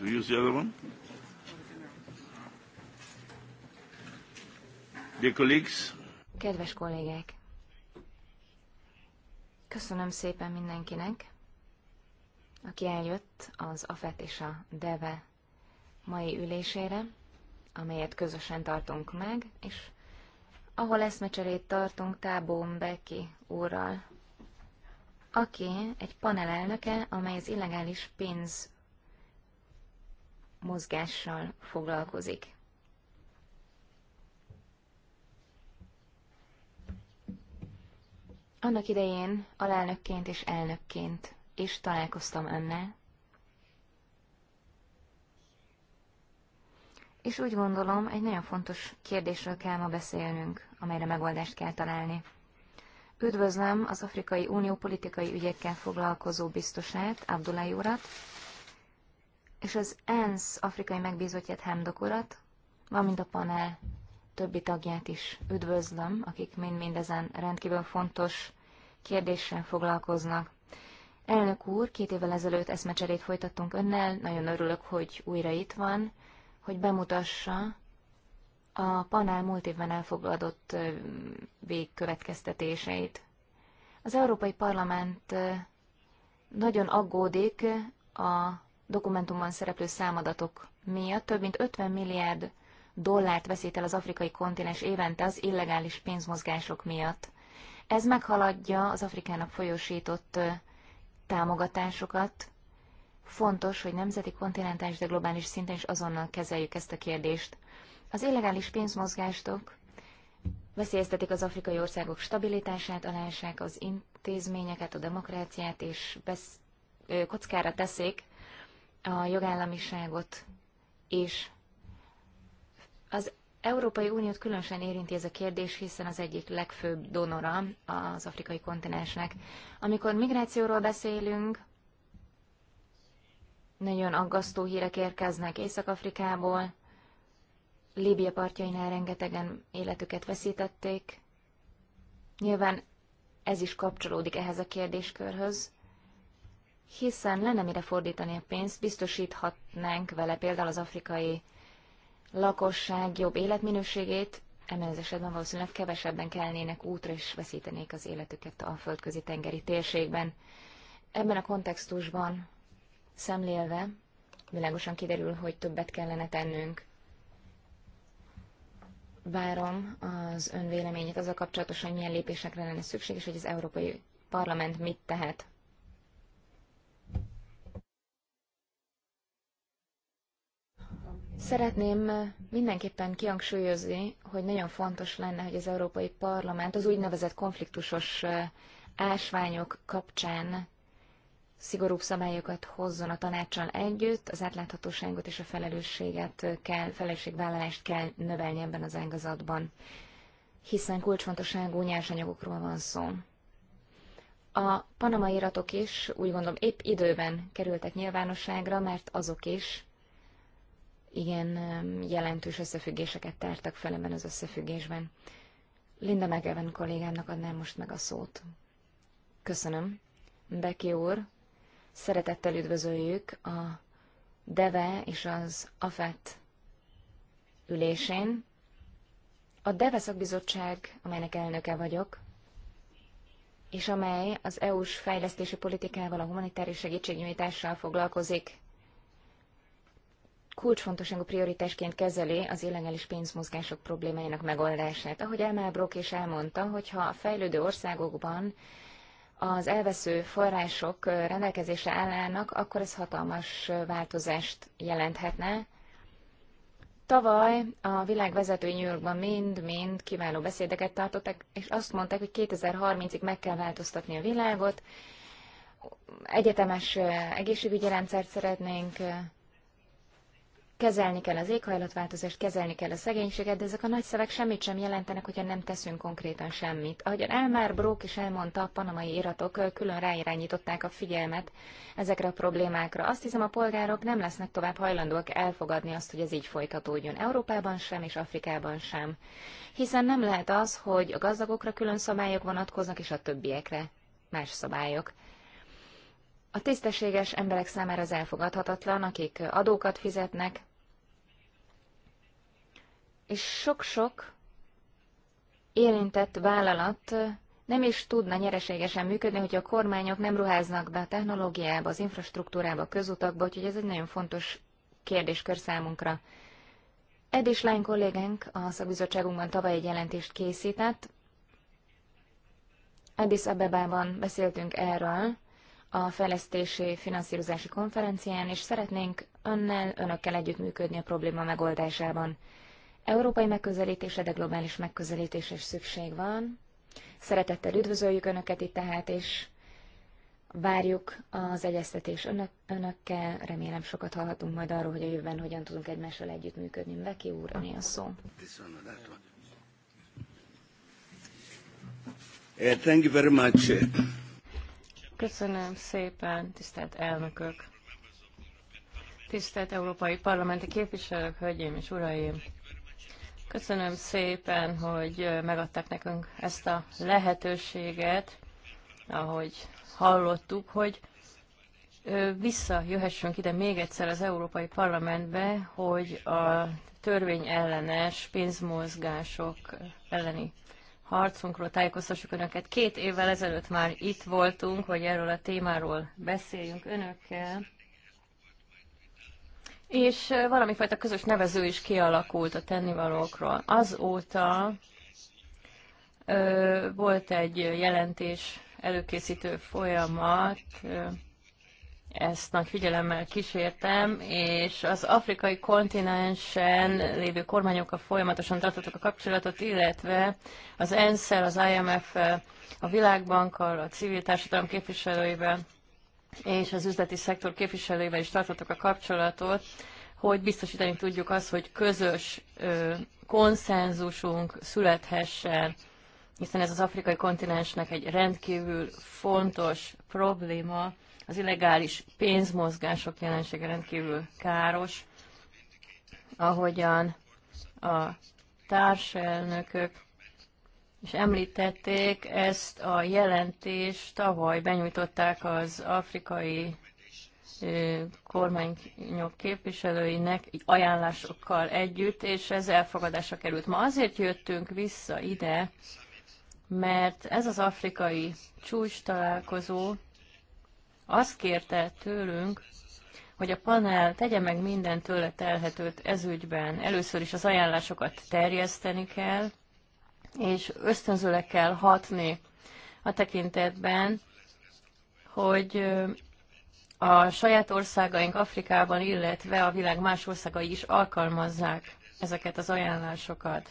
you use the other one? Dear colleagues. Kedves kollégák! Köszönöm szépen mindenkinek, aki eljött az AFET és a DEVE e mai ülésére, amelyet közösen tartunk meg, és ahol eszmecserét tartunk Tábó Beki úrral, aki egy panel elnöke, amely az illegális pénz mozgással foglalkozik. Annak idején alelnökként és elnökként is találkoztam önnel, és úgy gondolom, egy nagyon fontos kérdésről kell ma beszélnünk, amelyre megoldást kell találni. Üdvözlöm az Afrikai Unió politikai ügyekkel foglalkozó biztosát, Abdullah urat, és az ENSZ afrikai megbízottját Hemdok urat, valamint a panel többi tagját is üdvözlöm, akik mind-mindezen rendkívül fontos kérdéssel foglalkoznak. Elnök úr, két évvel ezelőtt eszmecserét folytattunk önnel, nagyon örülök, hogy újra itt van, hogy bemutassa a panel múlt évben elfogadott végkövetkeztetéseit. Az Európai Parlament nagyon aggódik a dokumentumban szereplő számadatok miatt több mint 50 milliárd dollárt veszít el az afrikai kontinens évente az illegális pénzmozgások miatt. Ez meghaladja az Afrikának folyósított támogatásokat. Fontos, hogy nemzeti, kontinentális, de globális szinten is azonnal kezeljük ezt a kérdést. Az illegális pénzmozgástok veszélyeztetik az afrikai országok stabilitását, alássák az intézményeket, a demokráciát, és besz- kockára teszik a jogállamiságot, és az Európai Uniót különösen érinti ez a kérdés, hiszen az egyik legfőbb donora az afrikai kontinensnek. Amikor migrációról beszélünk, nagyon aggasztó hírek érkeznek Észak-Afrikából, Líbia partjainál rengetegen életüket veszítették. Nyilván ez is kapcsolódik ehhez a kérdéskörhöz hiszen lenne mire fordítani a pénzt, biztosíthatnánk vele például az afrikai lakosság jobb életminőségét, ebben az esetben valószínűleg kevesebben kelnének útra és veszítenék az életüket a földközi tengeri térségben. Ebben a kontextusban szemlélve világosan kiderül, hogy többet kellene tennünk. Várom az ön véleményét a kapcsolatosan, hogy milyen lépésekre lenne szükség, és hogy az Európai Parlament mit tehet Szeretném eh, mindenképpen kihangsúlyozni, hogy nagyon fontos lenne, hogy az Európai Parlament az úgynevezett konfliktusos eh, ásványok kapcsán szigorúbb szabályokat hozzon a tanácssal együtt, az átláthatóságot és a felelősséget eh, kell, felelősségvállalást kell növelni ebben az ágazatban, hiszen kulcsfontosságú nyersanyagokról van szó. A panamai iratok is úgy gondolom épp időben kerültek nyilvánosságra, mert azok is igen jelentős összefüggéseket tártak fel ebben az összefüggésben. Linda McEwen kollégámnak adnám most meg a szót. Köszönöm. Beki úr, szeretettel üdvözöljük a DEVE és az AFET ülésén. A DEVE szakbizottság, amelynek elnöke vagyok, és amely az EU-s fejlesztési politikával, a humanitári segítségnyújtással foglalkozik, kulcsfontosságú prioritásként kezeli az illegális pénzmozgások problémáinak megoldását. Ahogy Elmar Brock is elmondta, hogyha a fejlődő országokban az elvesző források rendelkezésre állnának, akkor ez hatalmas változást jelenthetne. Tavaly a világ vezető New Yorkban mind-mind kiváló beszédeket tartottak, és azt mondták, hogy 2030-ig meg kell változtatni a világot, egyetemes eh, egészségügyi rendszert szeretnénk, eh, kezelni kell az éghajlatváltozást, kezelni kell a szegénységet, de ezek a nagy szavak semmit sem jelentenek, hogyha nem teszünk konkrétan semmit. Ahogyan Elmár Brók is elmondta, a panamai iratok külön ráirányították a figyelmet ezekre a problémákra. Azt hiszem, a polgárok nem lesznek tovább hajlandóak elfogadni azt, hogy ez így folytatódjon. Európában sem és Afrikában sem. Hiszen nem lehet az, hogy a gazdagokra külön szabályok vonatkoznak, és a többiekre más szabályok. A tisztességes emberek számára az elfogadhatatlan, akik adókat fizetnek, és sok-sok érintett vállalat nem is tudna nyereségesen működni, hogy a kormányok nem ruháznak be a technológiába, az infrastruktúrába, a közutakba, úgyhogy ez egy nagyon fontos kérdéskör számunkra. Ed és lány kollégánk a szakbizottságunkban tavaly egy jelentést készített. Addis Abebában beszéltünk erről, a fejlesztési finanszírozási konferencián, és szeretnénk önnel, önökkel együttműködni a probléma megoldásában. Európai megközelítése, de globális megközelítése is szükség van. Szeretettel üdvözöljük Önöket itt tehát, és várjuk az egyeztetés önök, Önökkel. Remélem sokat hallhatunk majd arról, hogy a jövőben hogyan tudunk egymással együttműködni. Veki úr, ami a szó. Eh, thank you very much. Köszönöm szépen, tisztelt elnökök, tisztelt európai parlamenti képviselők, hölgyeim és uraim. Köszönöm szépen, hogy megadták nekünk ezt a lehetőséget, ahogy hallottuk, hogy visszajöhessünk ide még egyszer az Európai Parlamentbe, hogy a törvényellenes pénzmozgások elleni harcunkról tájékoztassuk Önöket. Két évvel ezelőtt már itt voltunk, hogy erről a témáról beszéljünk Önökkel. És valami fajta közös nevező is kialakult a tennivalókról. Azóta ö, volt egy jelentés előkészítő folyamat, ö, ezt nagy figyelemmel kísértem, és az afrikai kontinensen lévő kormányokkal folyamatosan tartottuk a kapcsolatot, illetve az ensz az imf a Világbankkal, a civil társadalom képviselőivel és az üzleti szektor képviselőivel is tartottuk a kapcsolatot, hogy biztosítani tudjuk azt, hogy közös ö, konszenzusunk születhessen, hiszen ez az afrikai kontinensnek egy rendkívül fontos probléma, az illegális pénzmozgások jelensége rendkívül káros, ahogyan a társelnökök és említették, ezt a jelentést tavaly benyújtották az afrikai kormányok képviselőinek ajánlásokkal együtt, és ez elfogadásra került. Ma azért jöttünk vissza ide, mert ez az afrikai csúcs találkozó azt kérte tőlünk, hogy a panel tegye meg minden tőle telhetőt ezügyben. Először is az ajánlásokat terjeszteni kell, és ösztönzőleg kell hatni a tekintetben, hogy a saját országaink Afrikában, illetve a világ más országai is alkalmazzák ezeket az ajánlásokat.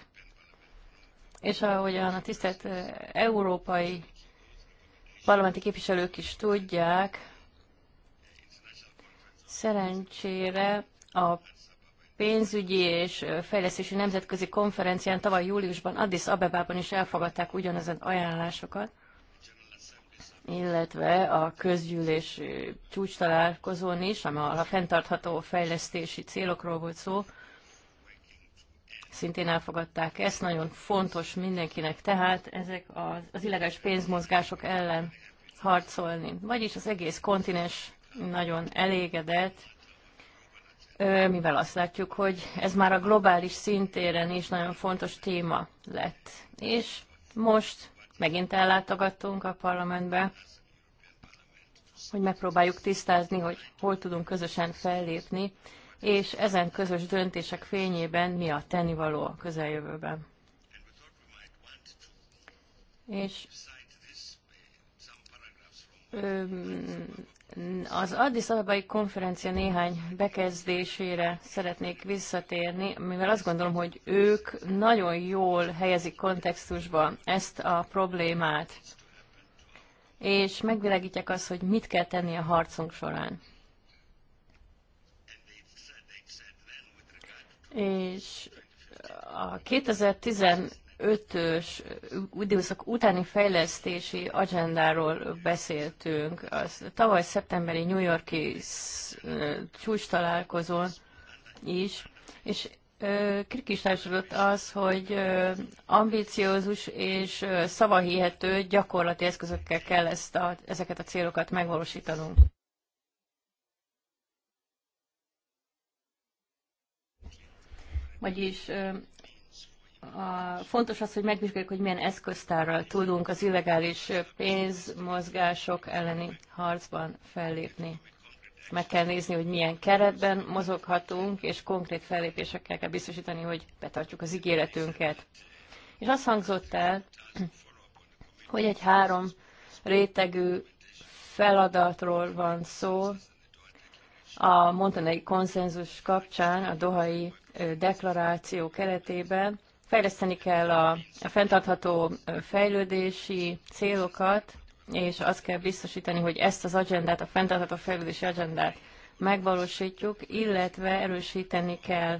És ahogyan a tisztelt európai parlamenti képviselők is tudják, szerencsére a pénzügyi és fejlesztési nemzetközi konferencián tavaly júliusban Addis Abebában is elfogadták ugyanezen ajánlásokat, illetve a közgyűlés csúcs találkozón is, ami a fenntartható fejlesztési célokról volt szó, szintén elfogadták ezt. Nagyon fontos mindenkinek tehát ezek az, az illegális pénzmozgások ellen harcolni. Vagyis az egész kontinens nagyon elégedett, mivel azt látjuk, hogy ez már a globális szintéren is nagyon fontos téma lett. És most megint ellátogattunk a parlamentbe, hogy megpróbáljuk tisztázni, hogy hol tudunk közösen fellépni és ezen közös döntések fényében mi a tennivaló a közeljövőben. És az Addis Ababai konferencia néhány bekezdésére szeretnék visszatérni, mivel azt gondolom, hogy ők nagyon jól helyezik kontextusba ezt a problémát, és megvilágítják azt, hogy mit kell tenni a harcunk során. és a 2015-ös időszak utáni fejlesztési agendáról beszéltünk. Az tavaly szeptemberi New Yorki csúcs találkozón is, és kritikusásodott az, hogy ambiciózus és szavahihető gyakorlati eszközökkel kell ezt a, ezeket a célokat megvalósítanunk. Vagyis a, fontos az, hogy megvizsgáljuk, hogy milyen eszköztárral tudunk az illegális pénzmozgások elleni harcban fellépni. Meg kell nézni, hogy milyen keretben mozoghatunk, és konkrét fellépésekkel kell biztosítani, hogy betartjuk az ígéretünket. És azt hangzott el, hogy egy három rétegű feladatról van szó a montenei konszenzus kapcsán, a dohai deklaráció keretében fejleszteni kell a, fenntartható fejlődési célokat, és azt kell biztosítani, hogy ezt az agendát, a fenntartható fejlődési agendát megvalósítjuk, illetve erősíteni kell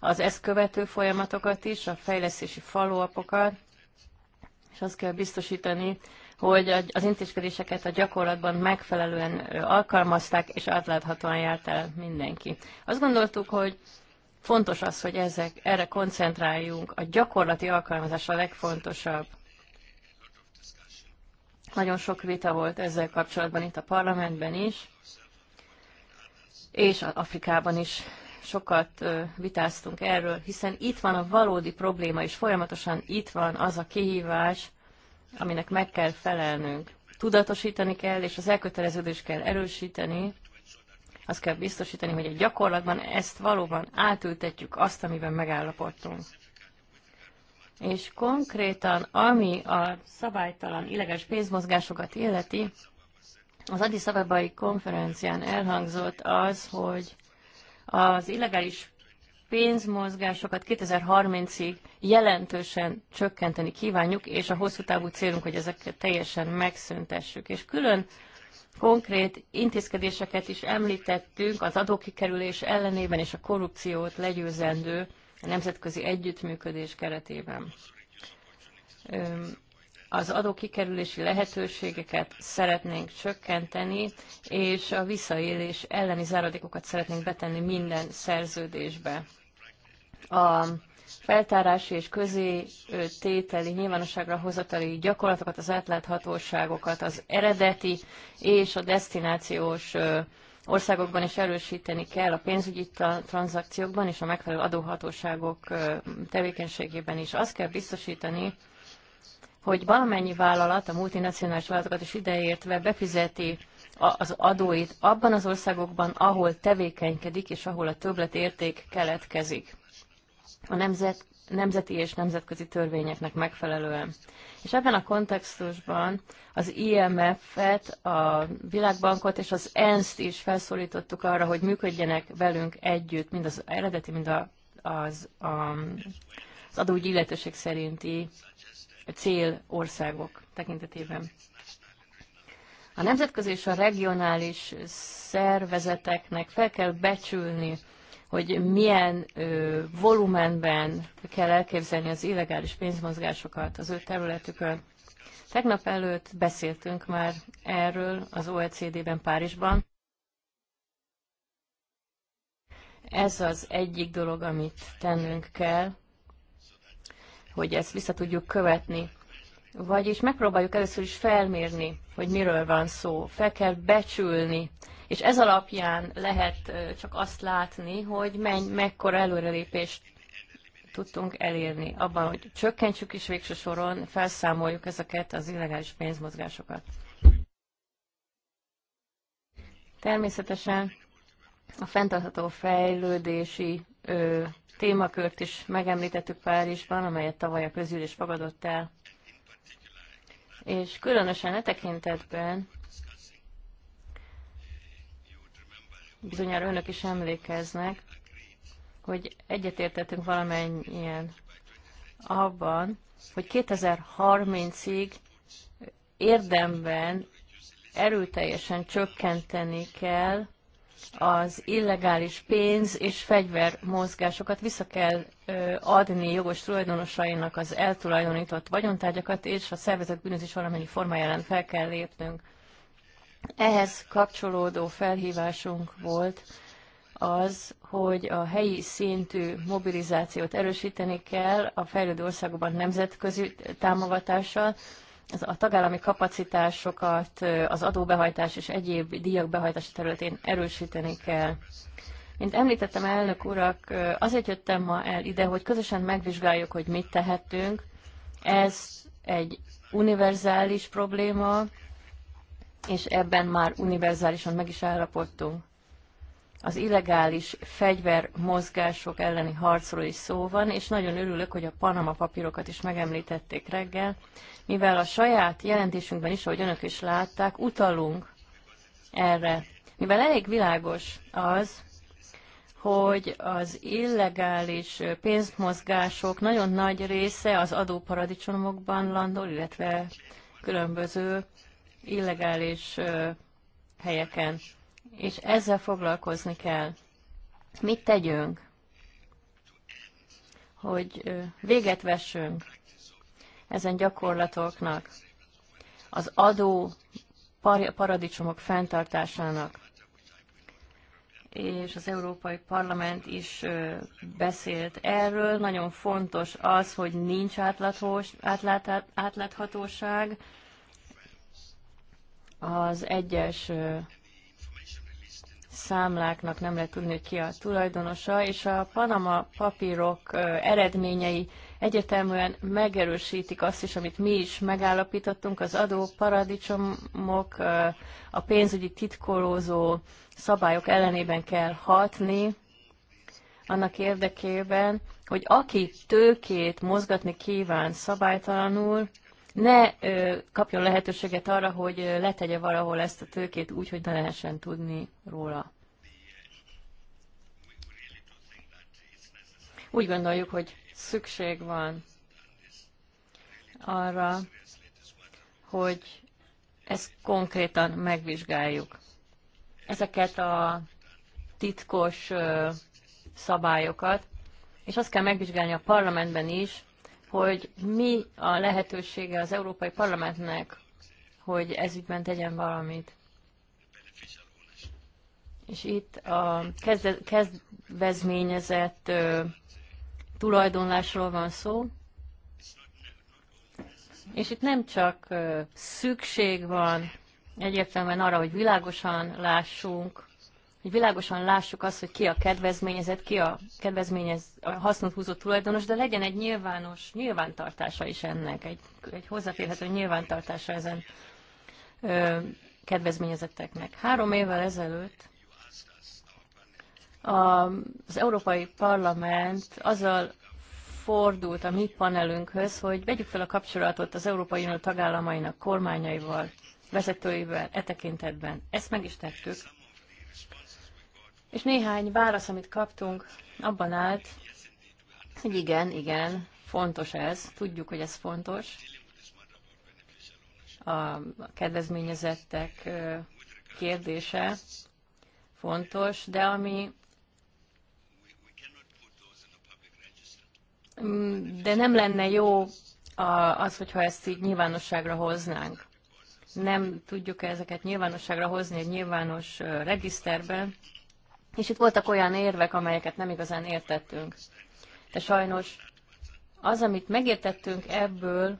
az ezt követő folyamatokat is, a fejlesztési faluapokat, és azt kell biztosítani, hogy az intézkedéseket a gyakorlatban megfelelően alkalmazták, és átláthatóan járt el mindenki. Azt gondoltuk, hogy Fontos az, hogy ezek, erre koncentráljunk. A gyakorlati alkalmazás a legfontosabb. Nagyon sok vita volt ezzel kapcsolatban itt a parlamentben is, és Afrikában is sokat vitáztunk erről, hiszen itt van a valódi probléma, és folyamatosan itt van az a kihívás, aminek meg kell felelnünk. Tudatosítani kell, és az elköteleződést kell erősíteni, azt kell biztosítani, hogy a gyakorlatban ezt valóban átültetjük azt, amiben megállapodtunk. És konkrétan, ami a szabálytalan illegális pénzmozgásokat illeti, az Addis Abebai konferencián elhangzott az, hogy az illegális pénzmozgásokat 2030-ig jelentősen csökkenteni kívánjuk, és a hosszú távú célunk, hogy ezeket teljesen megszüntessük. És külön konkrét intézkedéseket is említettünk az adókikerülés ellenében és a korrupciót legyőzendő a nemzetközi együttműködés keretében. Az adókikerülési lehetőségeket szeretnénk csökkenteni, és a visszaélés elleni záradékokat szeretnénk betenni minden szerződésbe. A feltárási és közé tételi nyilvánosságra hozatali gyakorlatokat, az átláthatóságokat, az eredeti és a destinációs országokban is erősíteni kell a pénzügyi tranzakciókban és a megfelelő adóhatóságok tevékenységében is. Azt kell biztosítani, hogy valamennyi vállalat, a multinacionális vállalatokat is ideértve befizeti az adóit abban az országokban, ahol tevékenykedik és ahol a többletérték keletkezik a nemzet, nemzeti és nemzetközi törvényeknek megfelelően. És ebben a kontextusban az IMF-et, a Világbankot és az ENSZ-t is felszólítottuk arra, hogy működjenek velünk együtt, mind az eredeti, mind a, az, a, az adóügyi illetőség szerinti célországok tekintetében. A nemzetközi és a regionális szervezeteknek fel kell becsülni hogy milyen ö, volumenben kell elképzelni az illegális pénzmozgásokat az ő területükön. Tegnap előtt beszéltünk már erről az OECD-ben Párizsban. Ez az egyik dolog, amit tennünk kell, hogy ezt vissza tudjuk követni. Vagyis megpróbáljuk először is felmérni, hogy miről van szó. Fel kell becsülni és ez alapján lehet csak azt látni, hogy menny, mekkora előrelépést tudtunk elérni abban, hogy csökkentsük is végső soron, felszámoljuk ezeket az illegális pénzmozgásokat. Természetesen a fenntartható fejlődési ö, témakört is megemlítettük Párizsban, amelyet tavaly a közülés fogadott el. És különösen e tekintetben bizonyára önök is emlékeznek, hogy egyetértettünk valamennyien abban, hogy 2030-ig érdemben erőteljesen csökkenteni kell az illegális pénz és fegyver mozgásokat vissza kell adni jogos tulajdonosainak az eltulajdonított vagyontárgyakat, és a szervezett bűnözés valamennyi formájában fel kell lépnünk. Ehhez kapcsolódó felhívásunk volt az, hogy a helyi szintű mobilizációt erősíteni kell a fejlődő országokban nemzetközi támogatással, a tagállami kapacitásokat az adóbehajtás és egyéb díjak behajtása területén erősíteni kell. Mint említettem, elnök urak, azért jöttem ma el ide, hogy közösen megvizsgáljuk, hogy mit tehetünk. Ez egy univerzális probléma, és ebben már univerzálisan meg is állapodtunk. Az illegális fegyvermozgások elleni harcról is szó van, és nagyon örülök, hogy a Panama papírokat is megemlítették reggel, mivel a saját jelentésünkben is, ahogy önök is látták, utalunk erre. Mivel elég világos az, hogy az illegális pénzmozgások nagyon nagy része az adóparadicsomokban landol, illetve különböző illegális helyeken, és ezzel foglalkozni kell. Mit tegyünk, hogy véget vessünk ezen gyakorlatoknak, az adó paradicsomok fenntartásának, és az Európai Parlament is beszélt erről. Nagyon fontos az, hogy nincs átláthatóság, az egyes számláknak nem lehet tudni, hogy ki a tulajdonosa, és a Panama papírok eredményei egyeteműen megerősítik azt is, amit mi is megállapítottunk, az adó paradicsomok, a pénzügyi titkolózó szabályok ellenében kell hatni, annak érdekében, hogy aki tőkét mozgatni kíván szabálytalanul, ne kapjon lehetőséget arra, hogy letegye valahol ezt a tőkét úgy, hogy ne lehessen tudni róla. Úgy gondoljuk, hogy szükség van arra, hogy ezt konkrétan megvizsgáljuk. Ezeket a titkos szabályokat, és azt kell megvizsgálni a parlamentben is, hogy mi a lehetősége az Európai Parlamentnek, hogy ezügyben tegyen valamit. És itt a kezde, kezdvezményezett ö, tulajdonlásról van szó, és itt nem csak ö, szükség van egyértelműen arra, hogy világosan lássunk, hogy világosan lássuk azt, hogy ki a kedvezményezett, ki a kedvezményez, a hasznot húzó tulajdonos, de legyen egy nyilvános nyilvántartása is ennek, egy, egy hozzáférhető nyilvántartása ezen ö, kedvezményezetteknek. Három évvel ezelőtt a, az Európai Parlament azzal fordult a mi panelünkhöz, hogy vegyük fel a kapcsolatot az Európai Unió tagállamainak kormányaival, vezetőivel e tekintetben. Ezt meg is tettük és néhány válasz, amit kaptunk, abban állt, hogy igen, igen, fontos ez, tudjuk, hogy ez fontos. A kedvezményezettek kérdése fontos, de ami mm, de nem lenne jó az, hogyha ezt így nyilvánosságra hoznánk. Nem tudjuk ezeket nyilvánosságra hozni egy nyilvános regiszterben, és itt voltak olyan érvek, amelyeket nem igazán értettünk. De sajnos az, amit megértettünk ebből,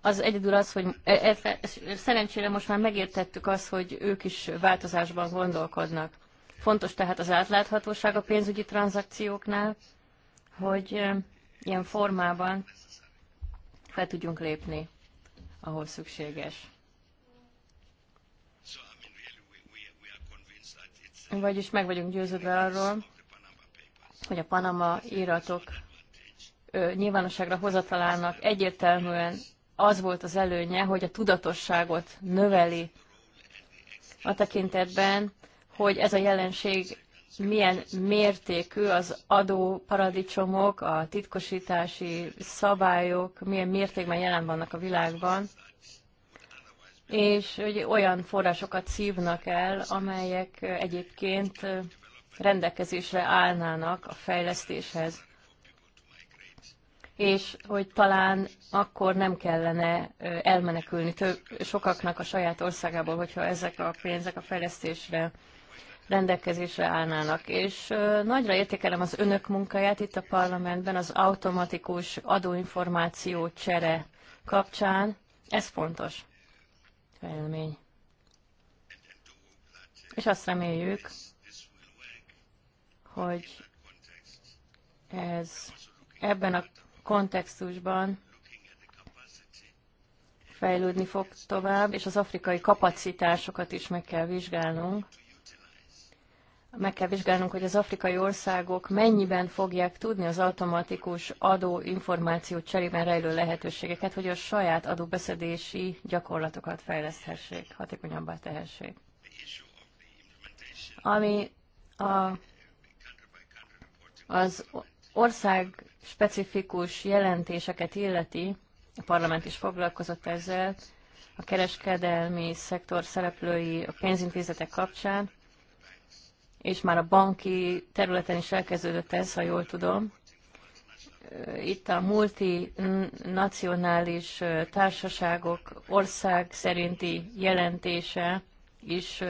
az egyedül az, hogy e, e, szerencsére most már megértettük azt, hogy ők is változásban gondolkodnak. Fontos tehát az átláthatóság a pénzügyi tranzakcióknál, hogy e, ilyen formában fel tudjunk lépni, ahol szükséges. Vagyis meg vagyunk győződve arról, hogy a Panama íratok nyilvánosságra hozatalának egyértelműen az volt az előnye, hogy a tudatosságot növeli a tekintetben, hogy ez a jelenség milyen mértékű az adó paradicsomok, a titkosítási szabályok, milyen mértékben jelen vannak a világban, és hogy olyan forrásokat szívnak el, amelyek egyébként rendelkezésre állnának a fejlesztéshez. És hogy talán akkor nem kellene elmenekülni több, sokaknak a saját országából, hogyha ezek a pénzek a fejlesztésre rendelkezésre állnának. És nagyra értékelem az önök munkáját itt a parlamentben az automatikus adóinformáció csere kapcsán. Ez fontos élmény. És azt reméljük, hogy ez ebben a kontextusban fejlődni fog tovább, és az afrikai kapacitásokat is meg kell vizsgálnunk, meg kell vizsgálnunk, hogy az afrikai országok mennyiben fogják tudni az automatikus adó információ cserében rejlő lehetőségeket, hogy a saját adóbeszedési gyakorlatokat fejleszthessék, hatékonyabbá tehessék. Ami a, az ország specifikus jelentéseket illeti, a parlament is foglalkozott ezzel, a kereskedelmi szektor szereplői a pénzintézetek kapcsán, és már a banki területen is elkezdődött ez, ha jól tudom. Itt a multinacionális társaságok ország szerinti jelentése is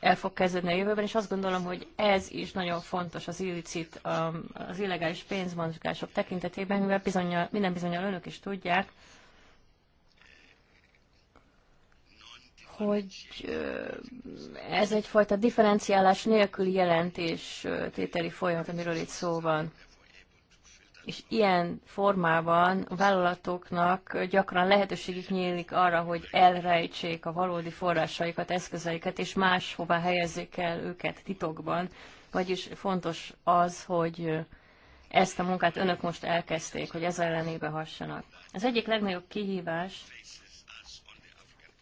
el fog kezdődni a jövőben, és azt gondolom, hogy ez is nagyon fontos az illicit, az illegális pénzmozgások tekintetében, mivel bizonyal, minden bizonyal önök is tudják, hogy ez egyfajta differenciálás nélküli jelentés tételi folyamat, amiről itt szó van. És ilyen formában a vállalatoknak gyakran lehetőségük nyílik arra, hogy elrejtsék a valódi forrásaikat, eszközeiket, és máshová helyezzék el őket titokban. Vagyis fontos az, hogy ezt a munkát önök most elkezdték, hogy ez ellenébe hassanak. Az egyik legnagyobb kihívás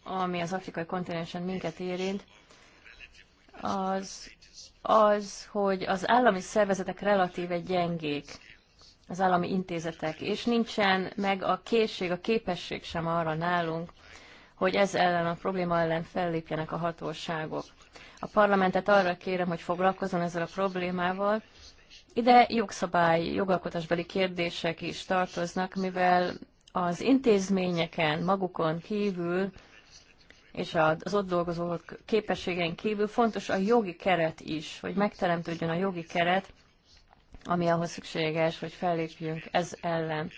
ami az afrikai kontinensen minket érint, az, az, hogy az állami szervezetek relatíve gyengék, az állami intézetek, és nincsen meg a készség, a képesség sem arra nálunk, hogy ez ellen a probléma ellen fellépjenek a hatóságok. A parlamentet arra kérem, hogy foglalkozzon ezzel a problémával. Ide jogszabály, jogalkotásbeli kérdések is tartoznak, mivel az intézményeken magukon kívül és az ott dolgozók képességein kívül fontos a jogi keret is, hogy megteremtődjön a jogi keret, ami ahhoz szükséges, hogy fellépjünk ez ellen.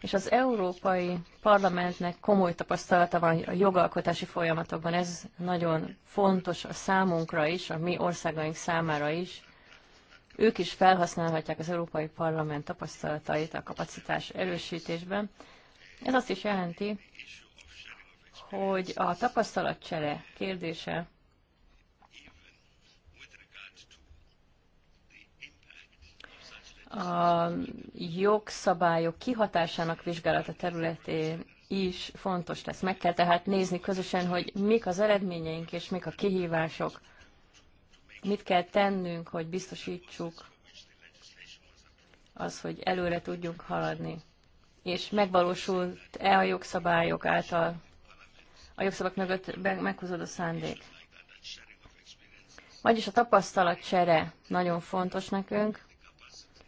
És az Európai Parlamentnek komoly tapasztalata van a jogalkotási folyamatokban, ez nagyon fontos a számunkra is, a mi országaink számára is. Ők is felhasználhatják az Európai Parlament tapasztalatait a kapacitás erősítésben. Ez azt is jelenti, hogy a tapasztalatcsere kérdése a jogszabályok kihatásának vizsgálata területén is fontos lesz. Meg kell tehát nézni közösen, hogy mik az eredményeink és mik a kihívások. Mit kell tennünk, hogy biztosítsuk az, hogy előre tudjunk haladni. És megvalósult-e a jogszabályok által a jogszabak mögött a szándék. Vagyis a csere nagyon fontos nekünk,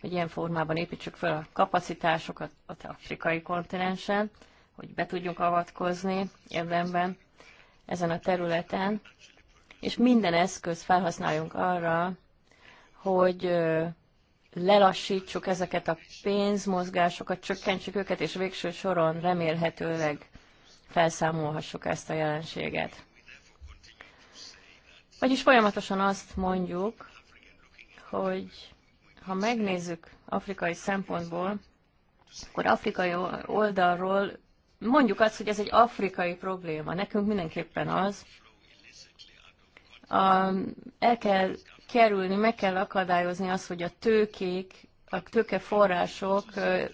hogy ilyen formában építsük fel a kapacitásokat az afrikai kontinensen, hogy be tudjunk avatkozni érdemben ezen a területen, és minden eszköz felhasználjunk arra, hogy lelassítsuk ezeket a pénzmozgásokat, csökkentsük őket, és végső soron remélhetőleg felszámolhassuk ezt a jelenséget. Vagyis folyamatosan azt mondjuk, hogy ha megnézzük afrikai szempontból, akkor afrikai oldalról mondjuk azt, hogy ez egy afrikai probléma. Nekünk mindenképpen az. A, el kell kerülni, meg kell akadályozni azt, hogy a tőkék, a tőkeforrások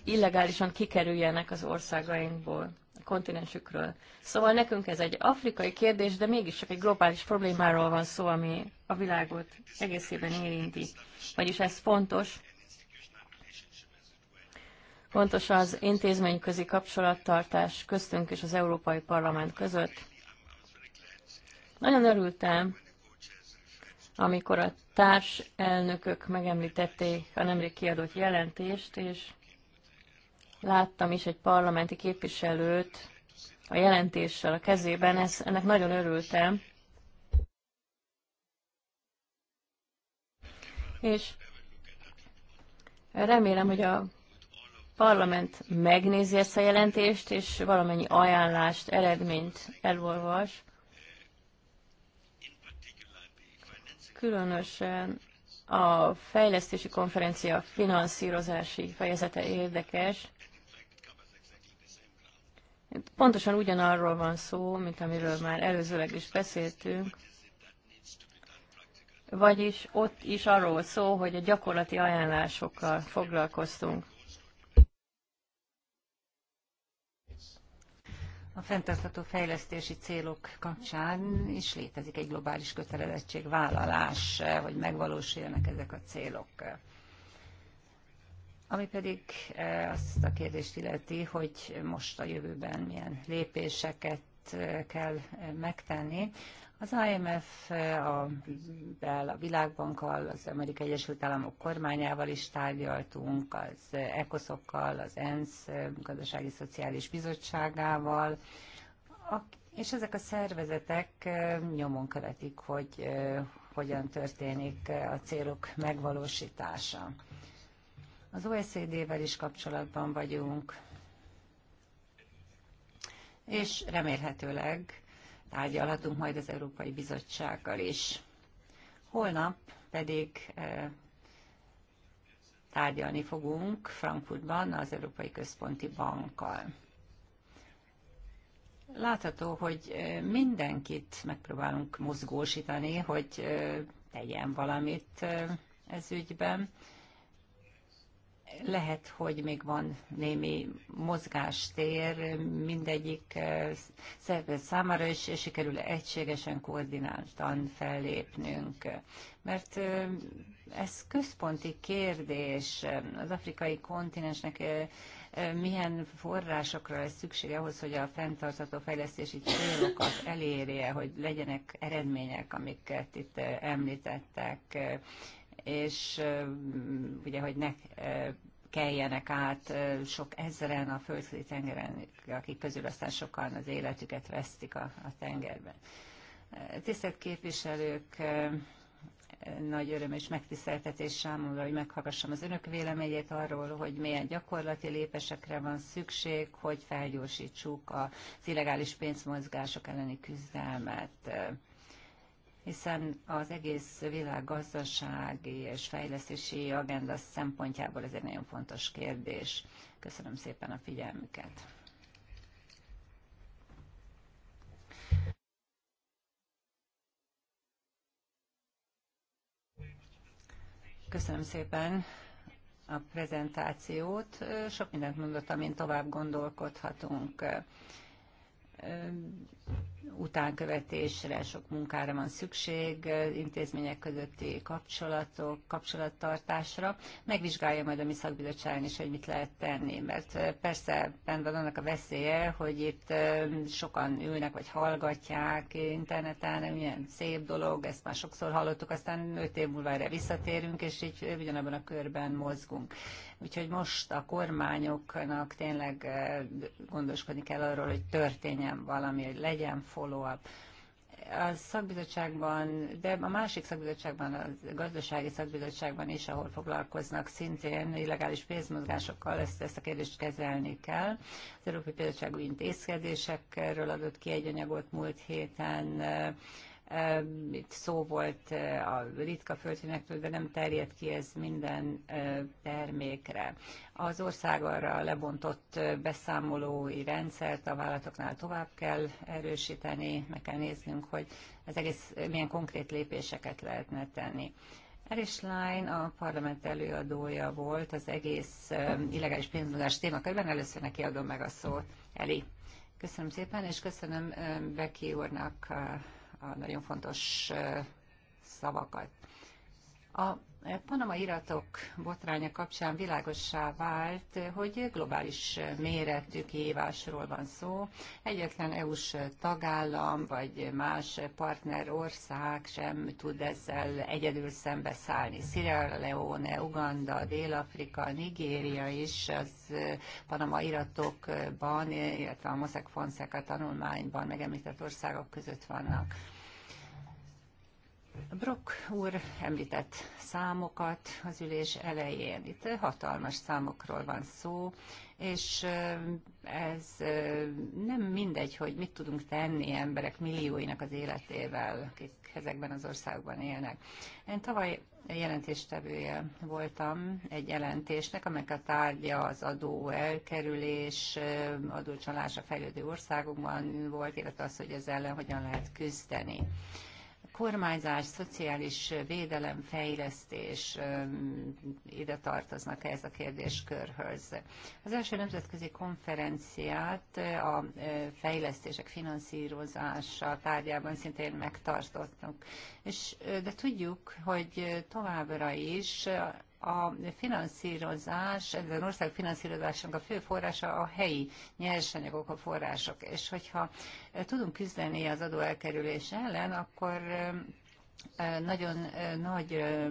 illegálisan kikerüljenek az országainkból kontinensükről. Szóval nekünk ez egy afrikai kérdés, de mégiscsak egy globális problémáról van szó, ami a világot egészében érinti. Vagyis ez fontos. Fontos az intézményközi kapcsolattartás köztünk és az Európai Parlament között. Nagyon örültem, amikor a társ elnökök megemlítették a nemrég kiadott jelentést, és Láttam is egy parlamenti képviselőt a jelentéssel a kezében, ez, ennek nagyon örültem. És remélem, hogy a parlament megnézi ezt a jelentést, és valamennyi ajánlást, eredményt elolvas. Különösen a fejlesztési konferencia finanszírozási fejezete érdekes. Pontosan ugyanarról van szó, mint amiről már előzőleg is beszéltünk, vagyis ott is arról szó, hogy a gyakorlati ajánlásokkal foglalkoztunk. A fenntartható fejlesztési célok kapcsán is létezik egy globális kötelezettségvállalás, hogy megvalósuljanak ezek a célok. Ami pedig e, azt a kérdést illeti, hogy most a jövőben milyen lépéseket e, kell e, megtenni. Az IMF a, a világbankkal, az Amerikai Egyesült Államok kormányával is tárgyaltunk, az ECOSZokkal, az ENSZ gazdasági szociális bizottságával, és ezek a szervezetek nyomon követik, hogy hogyan történik a célok megvalósítása. Az OECD-vel is kapcsolatban vagyunk, és remélhetőleg tárgyalhatunk majd az Európai Bizottsággal is. Holnap pedig eh, tárgyalni fogunk Frankfurtban az Európai Központi Bankkal. Látható, hogy eh, mindenkit megpróbálunk mozgósítani, hogy eh, tegyen valamit ez ügyben lehet, hogy még van némi mozgástér mindegyik eh, szervezet számára, és sikerül egységesen, koordináltan fellépnünk. Mert eh, ez központi kérdés az afrikai kontinensnek eh, milyen forrásokra lesz szüksége ahhoz, hogy a fenntartható fejlesztési célokat elérje, hogy legyenek eredmények, amiket itt említettek, és ugye, hogy ne keljenek át sok ezeren a földközi tengeren, akik közül aztán sokan az életüket vesztik a, a tengerben. Tisztelt képviselők, nagy öröm és megtiszteltetés számomra, hogy meghallgassam az önök véleményét arról, hogy milyen gyakorlati lépesekre van szükség, hogy felgyorsítsuk az illegális pénzmozgások elleni küzdelmet hiszen az egész világ gazdasági és fejlesztési agenda szempontjából ez egy nagyon fontos kérdés. Köszönöm szépen a figyelmüket. Köszönöm szépen a prezentációt. Sok mindent mondott, amin tovább gondolkodhatunk utánkövetésre, sok munkára van szükség, intézmények közötti kapcsolatok, kapcsolattartásra. Megvizsgálja majd a mi szakbizottságon is, hogy mit lehet tenni, mert eh, persze bent van annak a veszélye, hogy itt eh, sokan ülnek, vagy hallgatják interneten, milyen szép dolog, ezt már sokszor hallottuk, aztán 5 év múlva erre visszatérünk, és így ugyanabban a körben mozgunk. Úgyhogy most a kormányoknak tényleg eh, gondoskodni kell arról, hogy történjen valami, hogy legyen follow-up. A szakbizottságban, de a másik szakbizottságban, a gazdasági szakbizottságban is, ahol foglalkoznak szintén illegális pénzmozgásokkal, ezt, ezt a kérdést kezelni kell. Az Európai Bizottság intézkedésekről adott ki egy anyagot múlt héten, itt szó volt eh, a ritka földfémekről, de nem terjed ki ez minden eh, termékre. Az ország arra lebontott eh, beszámolói rendszert a vállalatoknál tovább kell erősíteni, meg kell néznünk, hogy ez egész milyen konkrét lépéseket lehetne tenni. Eris Line a parlament előadója volt az egész illegális pénzmozgás témakörben. Először neki adom meg a szót. Eli. Köszönöm szépen, és köszönöm Beki úrnak a nagyon fontos szavakat. A Panama iratok botránya kapcsán világossá vált, hogy globális méretű kihívásról van szó. Egyetlen EU-s tagállam vagy más partner ország sem tud ezzel egyedül szembeszállni. Sierra Leone, Uganda, Dél-Afrika, Nigéria is az Panama iratokban, illetve a Mossack Fonseca tanulmányban megemlített országok között vannak. Brock úr említett számokat az ülés elején. Itt hatalmas számokról van szó, és ez nem mindegy, hogy mit tudunk tenni emberek millióinak az életével, akik ezekben az országban élnek. Én tavaly jelentéstevője voltam egy jelentésnek, amelyek a tárgya az adó elkerülés, adócsalás a fejlődő országokban volt, illetve az, hogy ez ellen hogyan lehet küzdeni kormányzás, szociális védelem, fejlesztés ide tartoznak ez a kérdéskörhöz. Az első nemzetközi konferenciát a fejlesztések finanszírozása tárgyában szintén megtartottunk. És, de tudjuk, hogy továbbra is a finanszírozás, az ország finanszírozásának a fő forrása a helyi nyersanyagok, a források. És hogyha e, tudunk küzdeni az adóelkerülés ellen, akkor e, e, nagyon nagy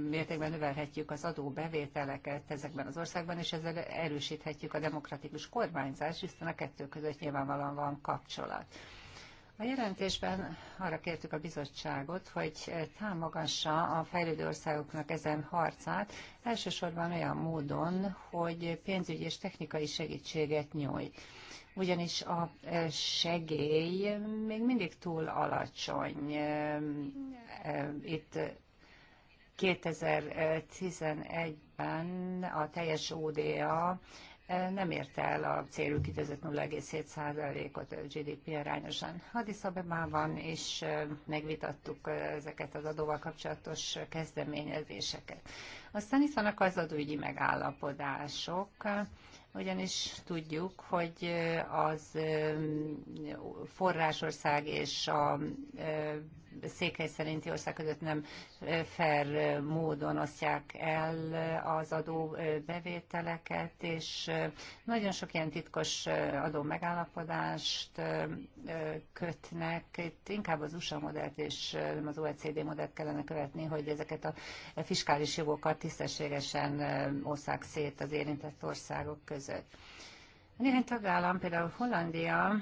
mértékben növelhetjük az adóbevételeket ezekben az országban, és ezzel erősíthetjük a demokratikus kormányzást, hiszen a kettő között nyilvánvalóan van kapcsolat. A jelentésben arra kértük a bizottságot, hogy támogassa a fejlődő országoknak ezen harcát, elsősorban olyan módon, hogy pénzügyi és technikai segítséget nyújt ugyanis a segély még mindig túl alacsony. Itt 2011-ben a teljes ODA nem érte el a célú kitűzött 0,7%-ot GDP arányosan. Addis van is megvitattuk ezeket az adóval kapcsolatos kezdeményezéseket. Aztán itt vannak az adóügyi megállapodások, ugyanis tudjuk, hogy az forrásország és a székely szerinti ország között nem fair módon osztják el az adó bevételeket, és nagyon sok ilyen titkos adó megállapodást kötnek. Itt inkább az USA modellt és nem az OECD modellt kellene követni, hogy ezeket a fiskális jogokat tisztességesen osszák szét az érintett országok között. Néhány tagállam, például Hollandia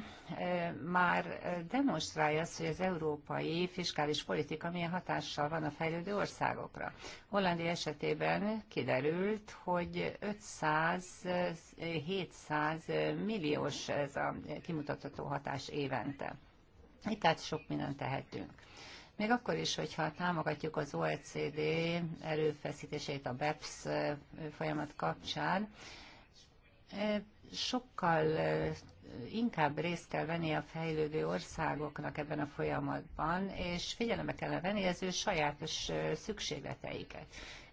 már demonstrálja azt, hogy az európai fiskális politika milyen hatással van a fejlődő országokra. Hollandia esetében kiderült, hogy 500-700 milliós ez a kimutatható hatás évente. Itt tehát sok mindent tehetünk. Még akkor is, hogyha támogatjuk az OECD erőfeszítését a BEPS folyamat kapcsán, sokkal inkább részt kell venni a fejlődő országoknak ebben a folyamatban, és figyelembe kell venni az ő sajátos szükségleteiket.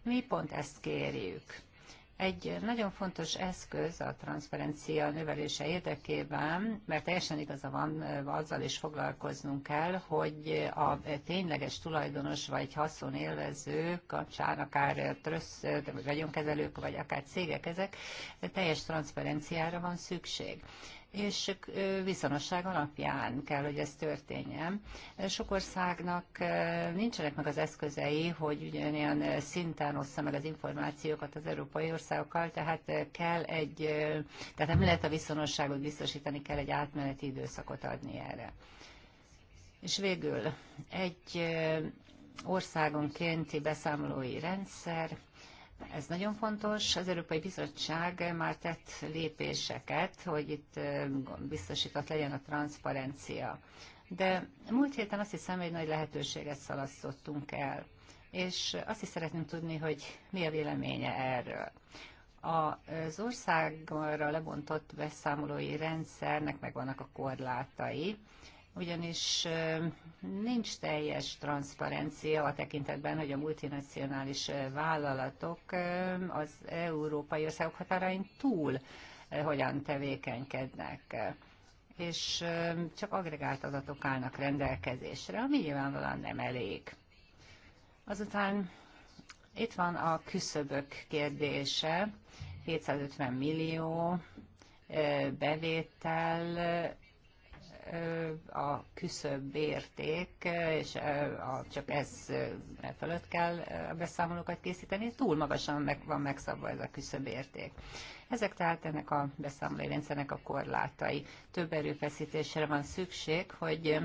Mi pont ezt kérjük egy nagyon fontos eszköz a transzparencia növelése érdekében, mert teljesen igaza van, azzal is foglalkoznunk kell, hogy a tényleges tulajdonos vagy haszonélvező kapcsán, akár trössz, vagyonkezelők, vagy akár cégek ezek, teljes transzparenciára van szükség és viszonosság alapján kell, hogy ez történjen. Sok országnak nincsenek meg az eszközei, hogy ugyanilyen szinten ossza meg az információkat az európai országokkal, tehát kell egy, tehát nem lehet a viszonosságot biztosítani, kell egy átmeneti időszakot adni erre. És végül egy országonkénti beszámolói rendszer, ez nagyon fontos. Az Európai Bizottság már tett lépéseket, hogy itt biztosított legyen a transzparencia. De múlt héten azt hiszem, hogy nagy lehetőséget szalasztottunk el, és azt is szeretném tudni, hogy mi a véleménye erről. Az országra lebontott beszámolói rendszernek megvannak a korlátai, ugyanis nincs teljes transzparencia a tekintetben, hogy a multinacionális vállalatok az európai országok határain túl hogyan tevékenykednek és csak agregált adatok állnak rendelkezésre, ami nyilvánvalóan nem elég. Azután itt van a küszöbök kérdése, 750 millió bevétel a küszöbb érték, és csak ez fölött kell a beszámolókat készíteni, túl magasan meg van megszabva ez a küszöbb érték. Ezek tehát ennek a beszámolói rendszernek a korlátai. Több erőfeszítésre van szükség, hogy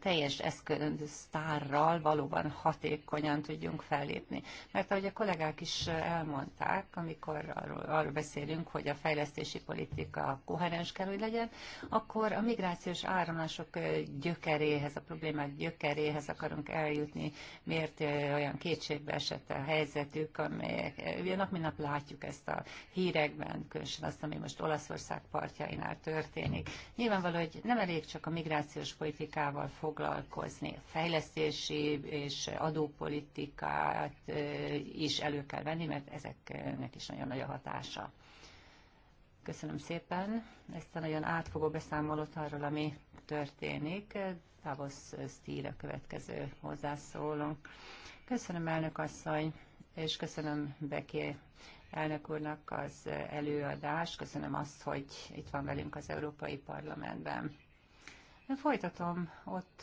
teljes eszköztárral valóban hatékonyan tudjunk fellépni. Mert ahogy a kollégák is elmondták, amikor arról, arról beszélünk, hogy a fejlesztési politika koherens kell, hogy legyen, akkor a migrációs áramlások gyökeréhez, a problémák gyökeréhez akarunk eljutni, miért olyan kétségbe esett a helyzetük, amelyek, ugye nap nap látjuk ezt a hírekben, különösen azt, ami most Olaszország partjainál történik. Nyilvánvaló, hogy nem elég csak a migrációs politikával foglalkozni. Fejlesztési és adópolitikát is elő kell venni, mert ezeknek is nagyon nagy a hatása. Köszönöm szépen ezt a nagyon átfogó beszámolót arról, ami történik. Davos Stíl a következő hozzászólónk. Köszönöm, elnök asszony, és köszönöm Beké elnök úrnak az előadást. Köszönöm azt, hogy itt van velünk az Európai Parlamentben. Én folytatom ott,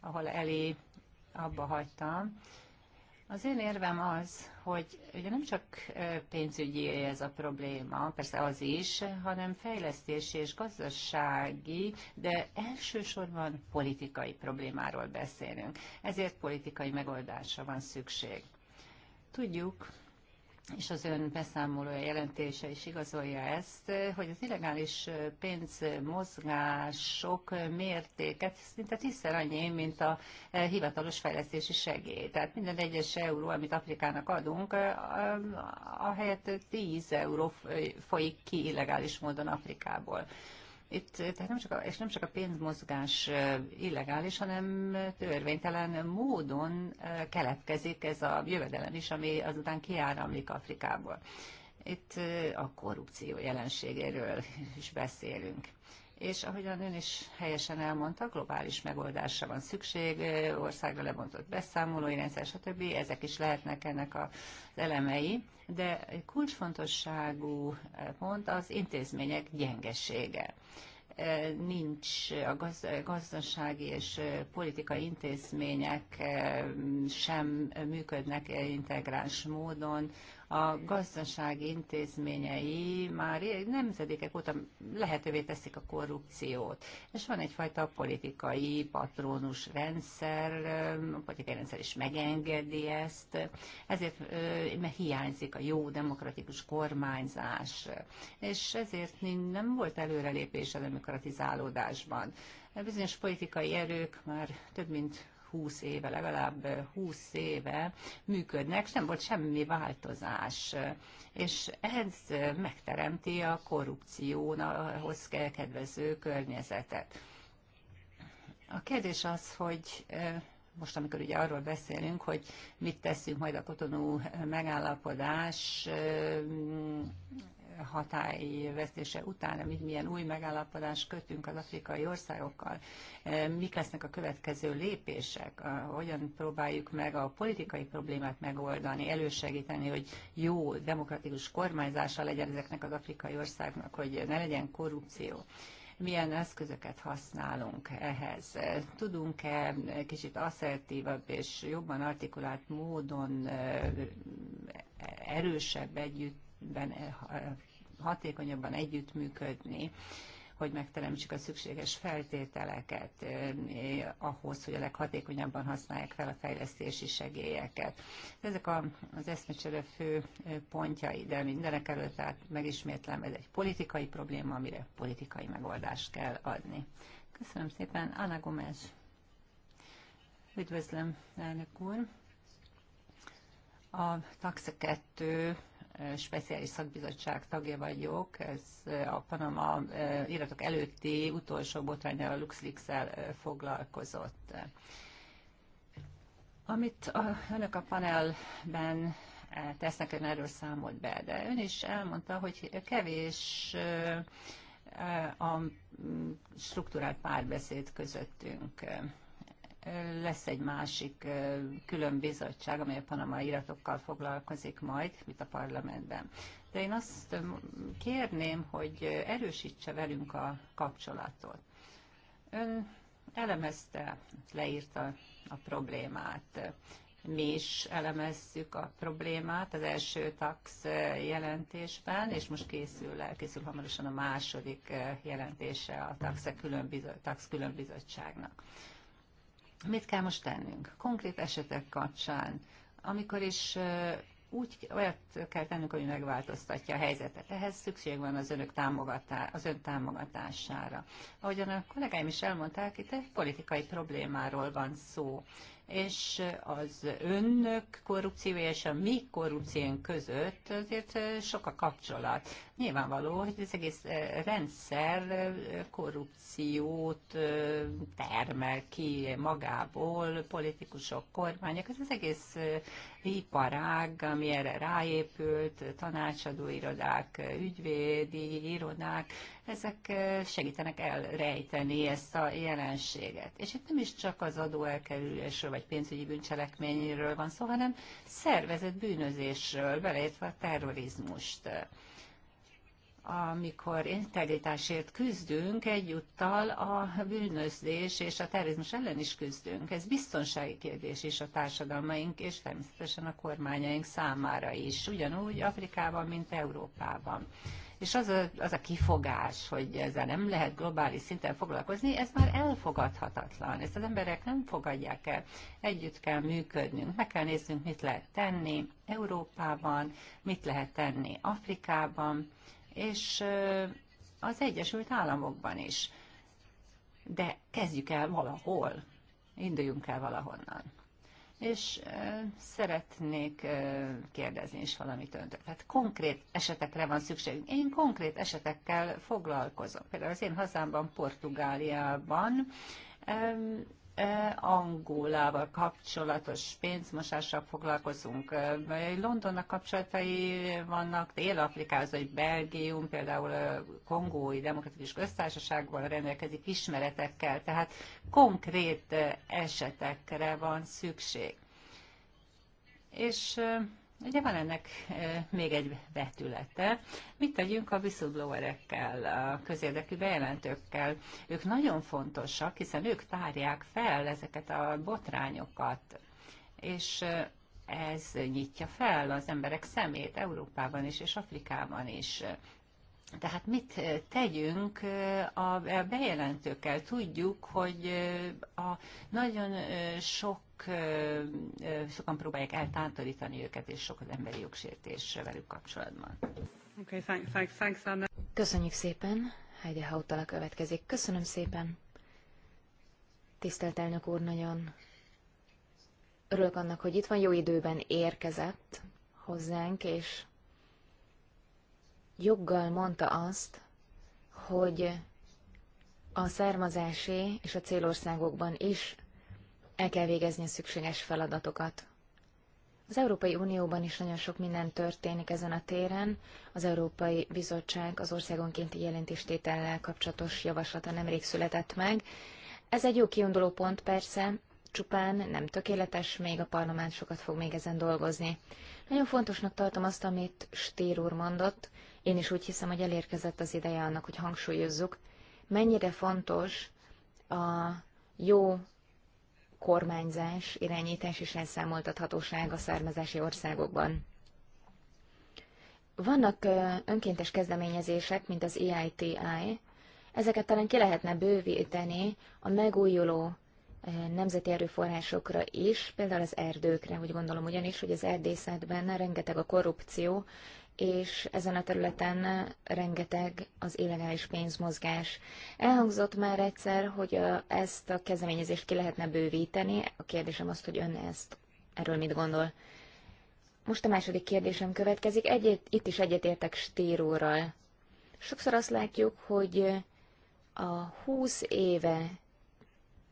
ahol elé abba hagytam. Az én érvem az, hogy ugye nem csak pénzügyi ez a probléma, persze az is, hanem fejlesztési és gazdasági, de elsősorban politikai problémáról beszélünk. Ezért politikai megoldásra van szükség. Tudjuk, és az ön beszámolója jelentése is igazolja ezt, hogy az illegális pénzmozgások mértéket szinte tízszer annyi, mint a hivatalos fejlesztési segély. Tehát minden egyes euró, amit Afrikának adunk, ahelyett 10 euró folyik ki illegális módon Afrikából. Itt, tehát nem csak a, és nem csak a pénzmozgás illegális, hanem törvénytelen módon keletkezik ez a jövedelem is, ami azután kiáramlik Afrikából. Itt a korrupció jelenségéről is beszélünk és ahogyan ön is helyesen elmondta, globális megoldásra van szükség, országra lebontott beszámolói rendszer, stb. Ezek is lehetnek ennek az elemei, de kulcsfontosságú pont az intézmények gyengesége nincs a gazdasági és politikai intézmények sem működnek integráns módon, a gazdaság intézményei már nemzedékek óta lehetővé teszik a korrupciót. És van egyfajta politikai patronus rendszer, a politikai rendszer is megengedi ezt, ezért mert hiányzik a jó demokratikus kormányzás, és ezért nem volt előrelépés a demokratizálódásban. Bizonyos politikai erők már több mint 20 éve, legalább 20 éve működnek, és nem volt semmi változás. És ez megteremti a korrupcióhoz kedvező környezetet. A kérdés az, hogy most, amikor ugye arról beszélünk, hogy mit teszünk majd a kotonú megállapodás hatály vesztése után, mit milyen új megállapodást kötünk az afrikai országokkal, e, mik lesznek a következő lépések, hogyan próbáljuk meg a politikai problémát megoldani, elősegíteni, hogy jó demokratikus kormányzása legyen ezeknek az afrikai országnak, hogy ne legyen korrupció milyen eszközöket használunk ehhez. Tudunk-e kicsit asszertívabb és jobban artikulált módon e, erősebb együttben hatékonyabban együttműködni hogy megteremtsük a szükséges feltételeket eh, ahhoz, hogy a leghatékonyabban használják fel a fejlesztési segélyeket. Ezek a, az eszmecsere fő eh, pontjai, de mindenek előtt át megismétlem, ez egy politikai probléma, amire politikai megoldást kell adni. Köszönöm szépen, Anna Gomez Üdvözlöm, elnök úr. A TAXA 2 speciális szakbizottság tagja vagyok, ez a Panama iratok előtti utolsó botránynál a LuxLeaks-el foglalkozott. Amit a, önök a panelben tesznek, ön erről számolt be, de ön is elmondta, hogy kevés a struktúrált párbeszéd közöttünk lesz egy másik külön bizottság, amely a panama iratokkal foglalkozik majd itt a parlamentben. De én azt kérném, hogy erősítse velünk a kapcsolatot. Ön elemezte, leírta a problémát. Mi is elemezzük a problémát az első tax jelentésben, és most készül, készül hamarosan a második jelentése a tax különbizottságnak. Mit kell most tennünk? Konkrét esetek kapcsán, amikor is úgy olyat kell tennünk, ami megváltoztatja a helyzetet. Ehhez szükség van az önök támogatá, az ön támogatására. Ahogyan a kollégáim is elmondták, itt egy politikai problémáról van szó és az önök korrupciója és a mi korrupciónk között azért eh, sok a kapcsolat. Nyilvánvaló, hogy az egész eh, rendszer eh, korrupciót termel ki magából, politikusok, kormányok, ez az egész iparág, ami erre ráépült, tanácsadóirodák, ügyvédi irodák, ezek eh, segítenek elrejteni ezt a jelenséget. És itt nem is csak az adóelkerülésről vagy pénzügyi bűncselekményről van szó, hanem szervezett bűnözésről, beleértve a terrorizmust amikor integritásért küzdünk, egyúttal a bűnözés és a terrorizmus ellen is küzdünk. Ez biztonsági kérdés is a társadalmaink és természetesen a kormányaink számára is, ugyanúgy Afrikában, mint Európában. És az a, az a kifogás, hogy ezzel nem lehet globális szinten foglalkozni, ez már elfogadhatatlan. Ezt az emberek nem fogadják el. Együtt kell működnünk, meg kell néznünk, mit lehet tenni Európában, mit lehet tenni Afrikában, és az Egyesült Államokban is. De kezdjük el valahol, induljunk el valahonnan. És szeretnék kérdezni is valamit öntől. Tehát konkrét esetekre van szükségünk. Én konkrét esetekkel foglalkozom. Például az én hazámban, Portugáliában E, Angolával kapcsolatos pénzmosással foglalkozunk. E, Londonnak kapcsolatai vannak, Dél-Afrikához, vagy Belgium, például a e, Kongói Demokratikus Köztársaságban rendelkezik ismeretekkel, tehát konkrét esetekre van szükség. És Ugye van ennek még egy vetülete. Mit tegyünk a whistleblowerekkel, a közérdekű bejelentőkkel? Ők nagyon fontosak, hiszen ők tárják fel ezeket a botrányokat, és ez nyitja fel az emberek szemét Európában is és Afrikában is. Tehát mit tegyünk a bejelentőkkel? Tudjuk, hogy a nagyon sok sokan próbálják eltántorítani őket, és sok az emberi jogsértés velük kapcsolatban. Okay, thank, thank, thanks, Köszönjük szépen. Heidi a következik. Köszönöm szépen. Tisztelt elnök úr, nagyon örülök annak, hogy itt van, jó időben érkezett hozzánk, és joggal mondta azt, hogy a származási és a célországokban is el kell végezni a szükséges feladatokat. Az Európai Unióban is nagyon sok minden történik ezen a téren. Az Európai Bizottság az országonkénti jelentéstétellel kapcsolatos javaslata nemrég született meg. Ez egy jó kiinduló pont persze, csupán nem tökéletes, még a parlament sokat fog még ezen dolgozni. Nagyon fontosnak tartom azt, amit Stér úr mondott. Én is úgy hiszem, hogy elérkezett az ideje annak, hogy hangsúlyozzuk, mennyire fontos a jó kormányzás, irányítás és elszámoltathatóság a származási országokban. Vannak önkéntes kezdeményezések, mint az EITI, ezeket talán ki lehetne bővíteni a megújuló nemzeti erőforrásokra is, például az erdőkre, úgy gondolom ugyanis, hogy az erdészetben rengeteg a korrupció, és ezen a területen rengeteg az illegális pénzmozgás. Elhangzott már egyszer, hogy ezt a kezdeményezést ki lehetne bővíteni. A kérdésem az, hogy ön ezt erről mit gondol. Most a második kérdésem következik. Egyet, itt is egyetértek stíróral. Sokszor azt látjuk, hogy a 20 éve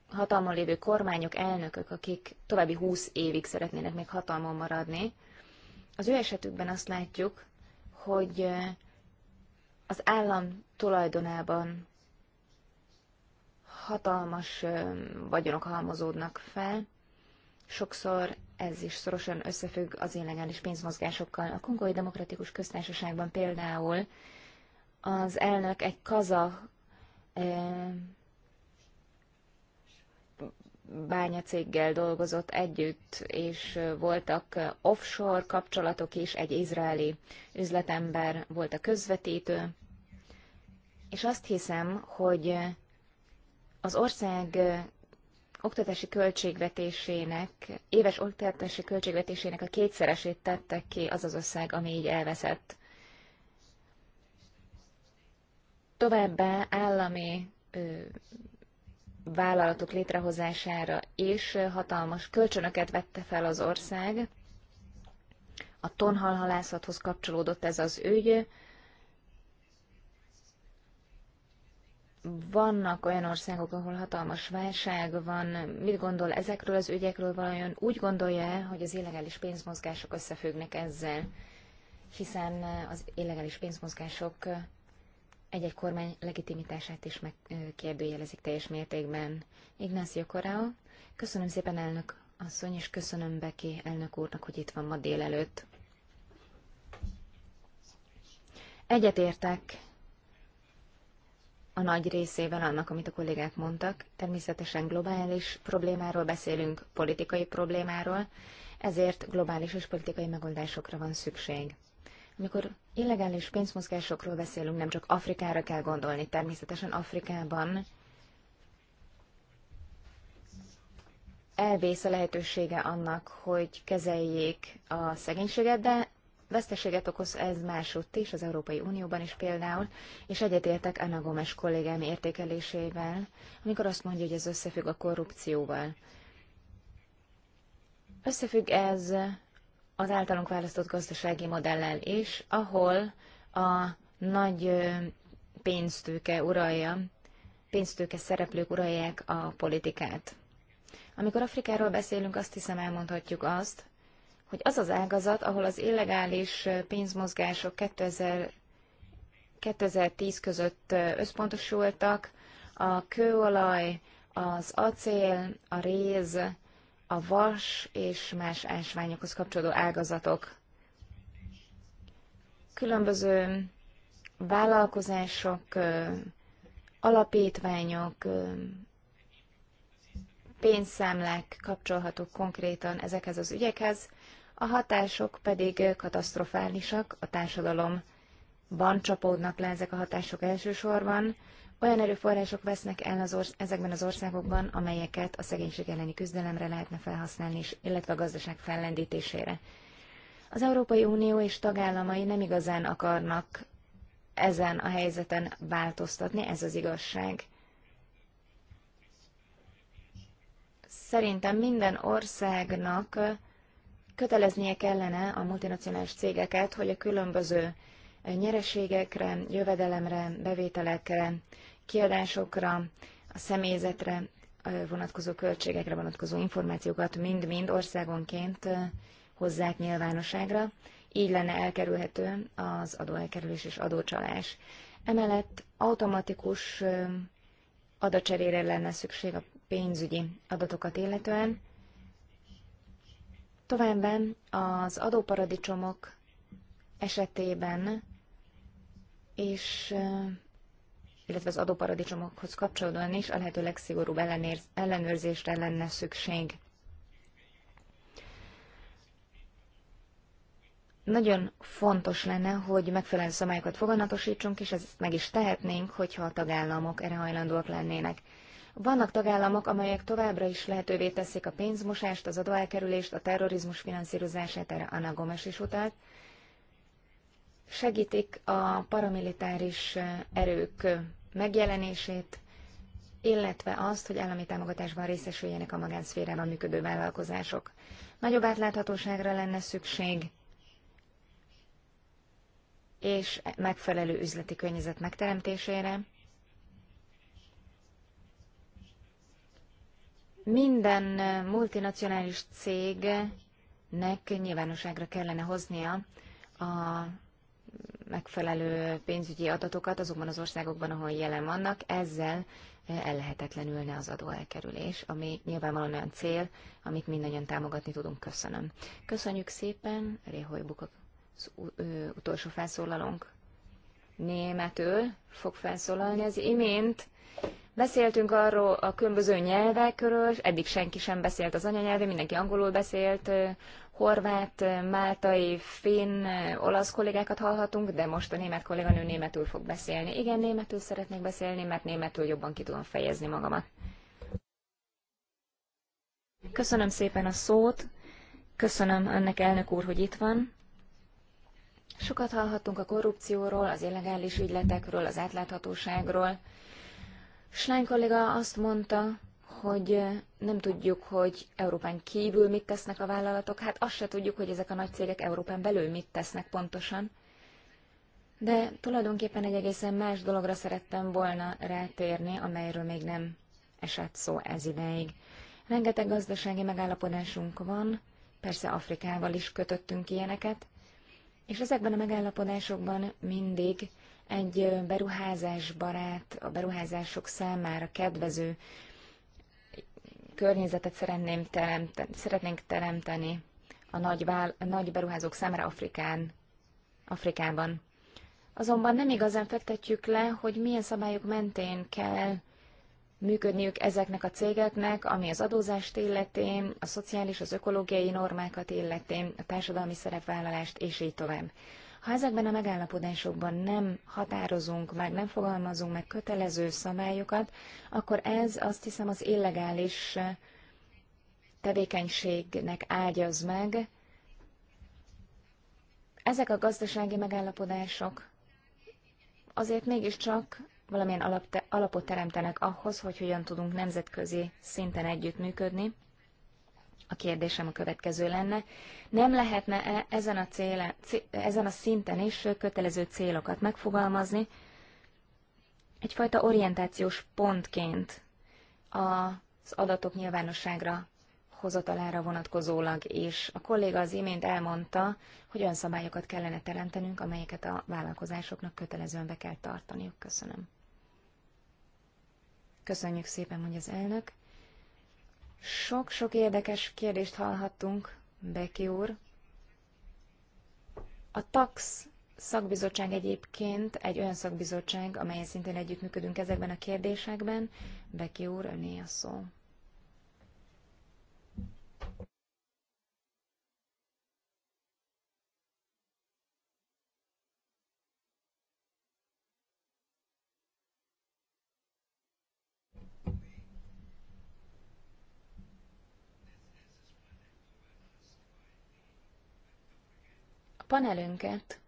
hatalmon lévő kormányok, elnökök, akik további 20 évig szeretnének még hatalmon maradni, az ő esetükben azt látjuk, hogy az állam tulajdonában hatalmas vagyonok halmozódnak fel, sokszor ez is szorosan összefügg az illegális pénzmozgásokkal. A Kongói Demokratikus Köztársaságban például az elnök egy kazah bányacéggel dolgozott együtt, és voltak offshore kapcsolatok is, egy izraeli üzletember volt a közvetítő, és azt hiszem, hogy az ország oktatási költségvetésének, éves oktatási költségvetésének a kétszeresét tettek ki az az ország, ami így elveszett. Továbbá állami vállalatok létrehozására és hatalmas kölcsönöket vette fel az ország. A tonhalhalászathoz kapcsolódott ez az ügy. Vannak olyan országok, ahol hatalmas válság van. Mit gondol ezekről az ügyekről valajon? Úgy gondolja hogy az illegális pénzmozgások összefüggnek ezzel, hiszen az illegális pénzmozgások egy-egy kormány legitimitását is megkérdőjelezik teljes mértékben. Ignacio Corao, köszönöm szépen elnök asszony, és köszönöm Beki elnök úrnak, hogy itt van ma délelőtt. Egyetértek a nagy részével annak, amit a kollégák mondtak. Természetesen globális problémáról beszélünk, politikai problémáról, ezért globális és politikai megoldásokra van szükség. Amikor illegális pénzmozgásokról beszélünk, nem csak Afrikára kell gondolni. Természetesen Afrikában elvész a lehetősége annak, hogy kezeljék a szegénységet, de veszteséget okoz ez másútt is, az Európai Unióban is például, és egyetértek Anna Gomes kollégám értékelésével, amikor azt mondja, hogy ez összefügg a korrupcióval. Összefügg ez az általunk választott gazdasági modellel is, ahol a nagy pénztőke uralja, pénztőke szereplők uralják a politikát. Amikor Afrikáról beszélünk, azt hiszem elmondhatjuk azt, hogy az az ágazat, ahol az illegális pénzmozgások 2000, 2010 között összpontosultak, a kőolaj, az acél, a réz, a vas és más ásványokhoz kapcsolódó ágazatok. Különböző vállalkozások, alapítványok, pénzszámlák kapcsolhatók konkrétan ezekhez az ügyekhez, a hatások pedig katasztrofálisak, a társadalomban csapódnak le ezek a hatások elsősorban, olyan erőforrások vesznek el az orsz- ezekben az országokban, amelyeket a szegénység elleni küzdelemre lehetne felhasználni, illetve a gazdaság fellendítésére. Az Európai Unió és tagállamai nem igazán akarnak ezen a helyzeten változtatni, ez az igazság. Szerintem minden országnak köteleznie kellene a multinacionális cégeket, hogy a különböző nyereségekre, jövedelemre, bevételekre kiadásokra, a személyzetre vonatkozó költségekre vonatkozó információkat mind-mind országonként hozzák nyilvánosságra, így lenne elkerülhető az adóelkerülés és adócsalás. Emellett automatikus adacserére lenne szükség a pénzügyi adatokat illetően. Továbbá az adóparadicsomok esetében és illetve az adóparadicsomokhoz kapcsolódóan is a lehető legszigorúbb ellenőrzésre lenne szükség. Nagyon fontos lenne, hogy megfelelő szabályokat foganatosítsunk, és ezt meg is tehetnénk, hogyha a tagállamok erre hajlandóak lennének. Vannak tagállamok, amelyek továbbra is lehetővé teszik a pénzmosást, az adóelkerülést, a terrorizmus finanszírozását, erre Anna Gomes is utalt. Segítik a paramilitáris erők megjelenését, illetve azt, hogy állami támogatásban részesüljenek a magánszférában működő vállalkozások. Nagyobb átláthatóságra lenne szükség, és megfelelő üzleti környezet megteremtésére. Minden multinacionális cégnek nyilvánosságra kellene hoznia a megfelelő pénzügyi adatokat azokban az országokban, ahol jelen vannak, ezzel eh, ellehetetlenülne az adóelkerülés, ami nyilvánvalóan olyan cél, amit mindannyian támogatni tudunk. Köszönöm. Köszönjük szépen, Réhoj Buka, az utolsó felszólalónk németül fog felszólalni az imént Beszéltünk arról a különböző nyelvekről, eddig senki sem beszélt az anyanyelvén, mindenki angolul beszélt, horvát, máltai, finn, olasz kollégákat hallhatunk, de most a német kolléganő németül fog beszélni. Igen, németül szeretnék beszélni, mert németül jobban ki tudom fejezni magamat. Köszönöm szépen a szót, köszönöm önnek elnök úr, hogy itt van. Sokat hallhattunk a korrupcióról, az illegális ügyletekről, az átláthatóságról. Schlein kolléga azt mondta, hogy nem tudjuk, hogy Európán kívül mit tesznek a vállalatok, hát azt se tudjuk, hogy ezek a nagy cégek Európán belül mit tesznek pontosan. De tulajdonképpen egy egészen más dologra szerettem volna rátérni, amelyről még nem esett szó ez ideig. Rengeteg gazdasági megállapodásunk van, persze Afrikával is kötöttünk ilyeneket, és ezekben a megállapodásokban mindig egy beruházás barát, a beruházások számára kedvező környezetet szeretném teremteni, szeretnénk teremteni a nagy, vál, a nagy beruházók számára Afrikán, Afrikában. Azonban nem igazán fektetjük le, hogy milyen szabályok mentén kell működniük ezeknek a cégeknek, ami az adózást illeti, a szociális, az ökológiai normákat illeti, a társadalmi szerepvállalást, és így tovább. Ha ezekben a megállapodásokban nem határozunk meg, nem fogalmazunk meg kötelező szabályokat, akkor ez azt hiszem az illegális tevékenységnek ágyaz meg. Ezek a gazdasági megállapodások azért mégiscsak valamilyen alapot teremtenek ahhoz, hogy hogyan tudunk nemzetközi szinten együttműködni, a kérdésem a következő lenne, nem lehetne -e ezen a, céle, ezen a szinten is kötelező célokat megfogalmazni, egyfajta orientációs pontként az adatok nyilvánosságra hozatalára vonatkozólag És A kolléga az imént elmondta, hogy olyan szabályokat kellene teremtenünk, amelyeket a vállalkozásoknak kötelezően be kell tartaniuk. Köszönöm. Köszönjük szépen, mondja az elnök. Sok-sok érdekes kérdést hallhattunk, Beki úr. A TAX szakbizottság egyébként egy olyan szakbizottság, amelyen szintén együttműködünk ezekben a kérdésekben. Beki úr, öné a szó. panelünket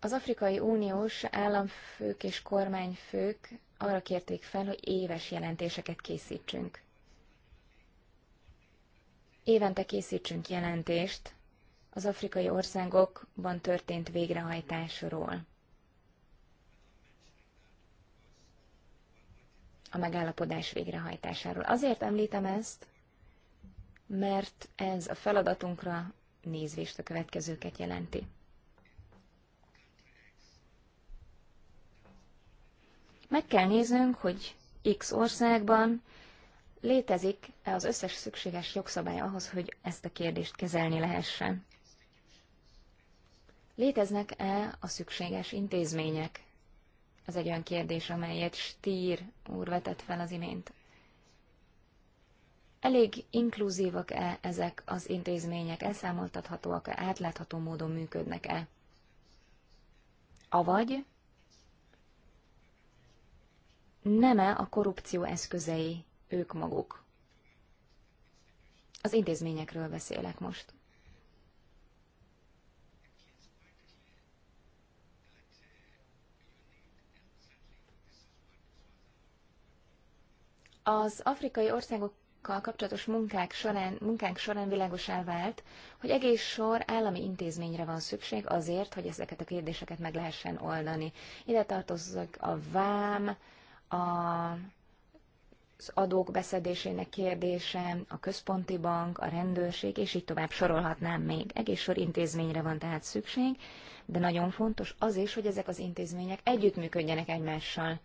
az Afrikai Uniós államfők és kormányfők arra kérték fel, hogy éves jelentéseket készítsünk. Évente készítsünk jelentést az afrikai országokban történt végrehajtásról. A megállapodás végrehajtásáról. Azért említem ezt, mert ez a feladatunkra nézvést a következőket jelenti. Meg kell néznünk, hogy X országban létezik-e az összes szükséges jogszabály ahhoz, hogy ezt a kérdést kezelni lehessen. Léteznek-e a szükséges intézmények? Ez egy olyan kérdés, amelyet Stír úr vetett fel az imént. Elég inkluzívak-e ezek az intézmények, elszámoltathatóak-e, átlátható módon működnek-e? Avagy nem-e a korrupció eszközei ők maguk? Az intézményekről beszélek most. Az afrikai országok kal kapcsolatos munkák során, munkánk során világosá vált, hogy egész sor állami intézményre van szükség azért, hogy ezeket a kérdéseket meg lehessen oldani. Ide tartozik a vám, a, az adók beszedésének kérdése, a központi bank, a rendőrség, és így tovább sorolhatnám még. Egész sor intézményre van tehát szükség, de nagyon fontos az is, hogy ezek az intézmények együttműködjenek egymással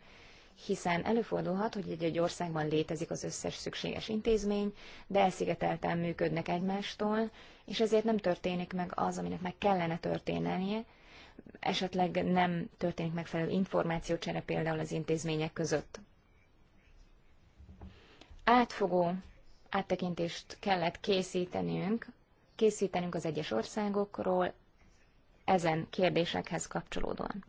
hiszen előfordulhat, hogy egy-egy országban létezik az összes szükséges intézmény, de elszigetelten működnek egymástól, és ezért nem történik meg az, aminek meg kellene történnie, esetleg nem történik megfelelő információcsere például az intézmények között. Átfogó áttekintést kellett készítenünk, készítenünk az egyes országokról, ezen kérdésekhez kapcsolódóan.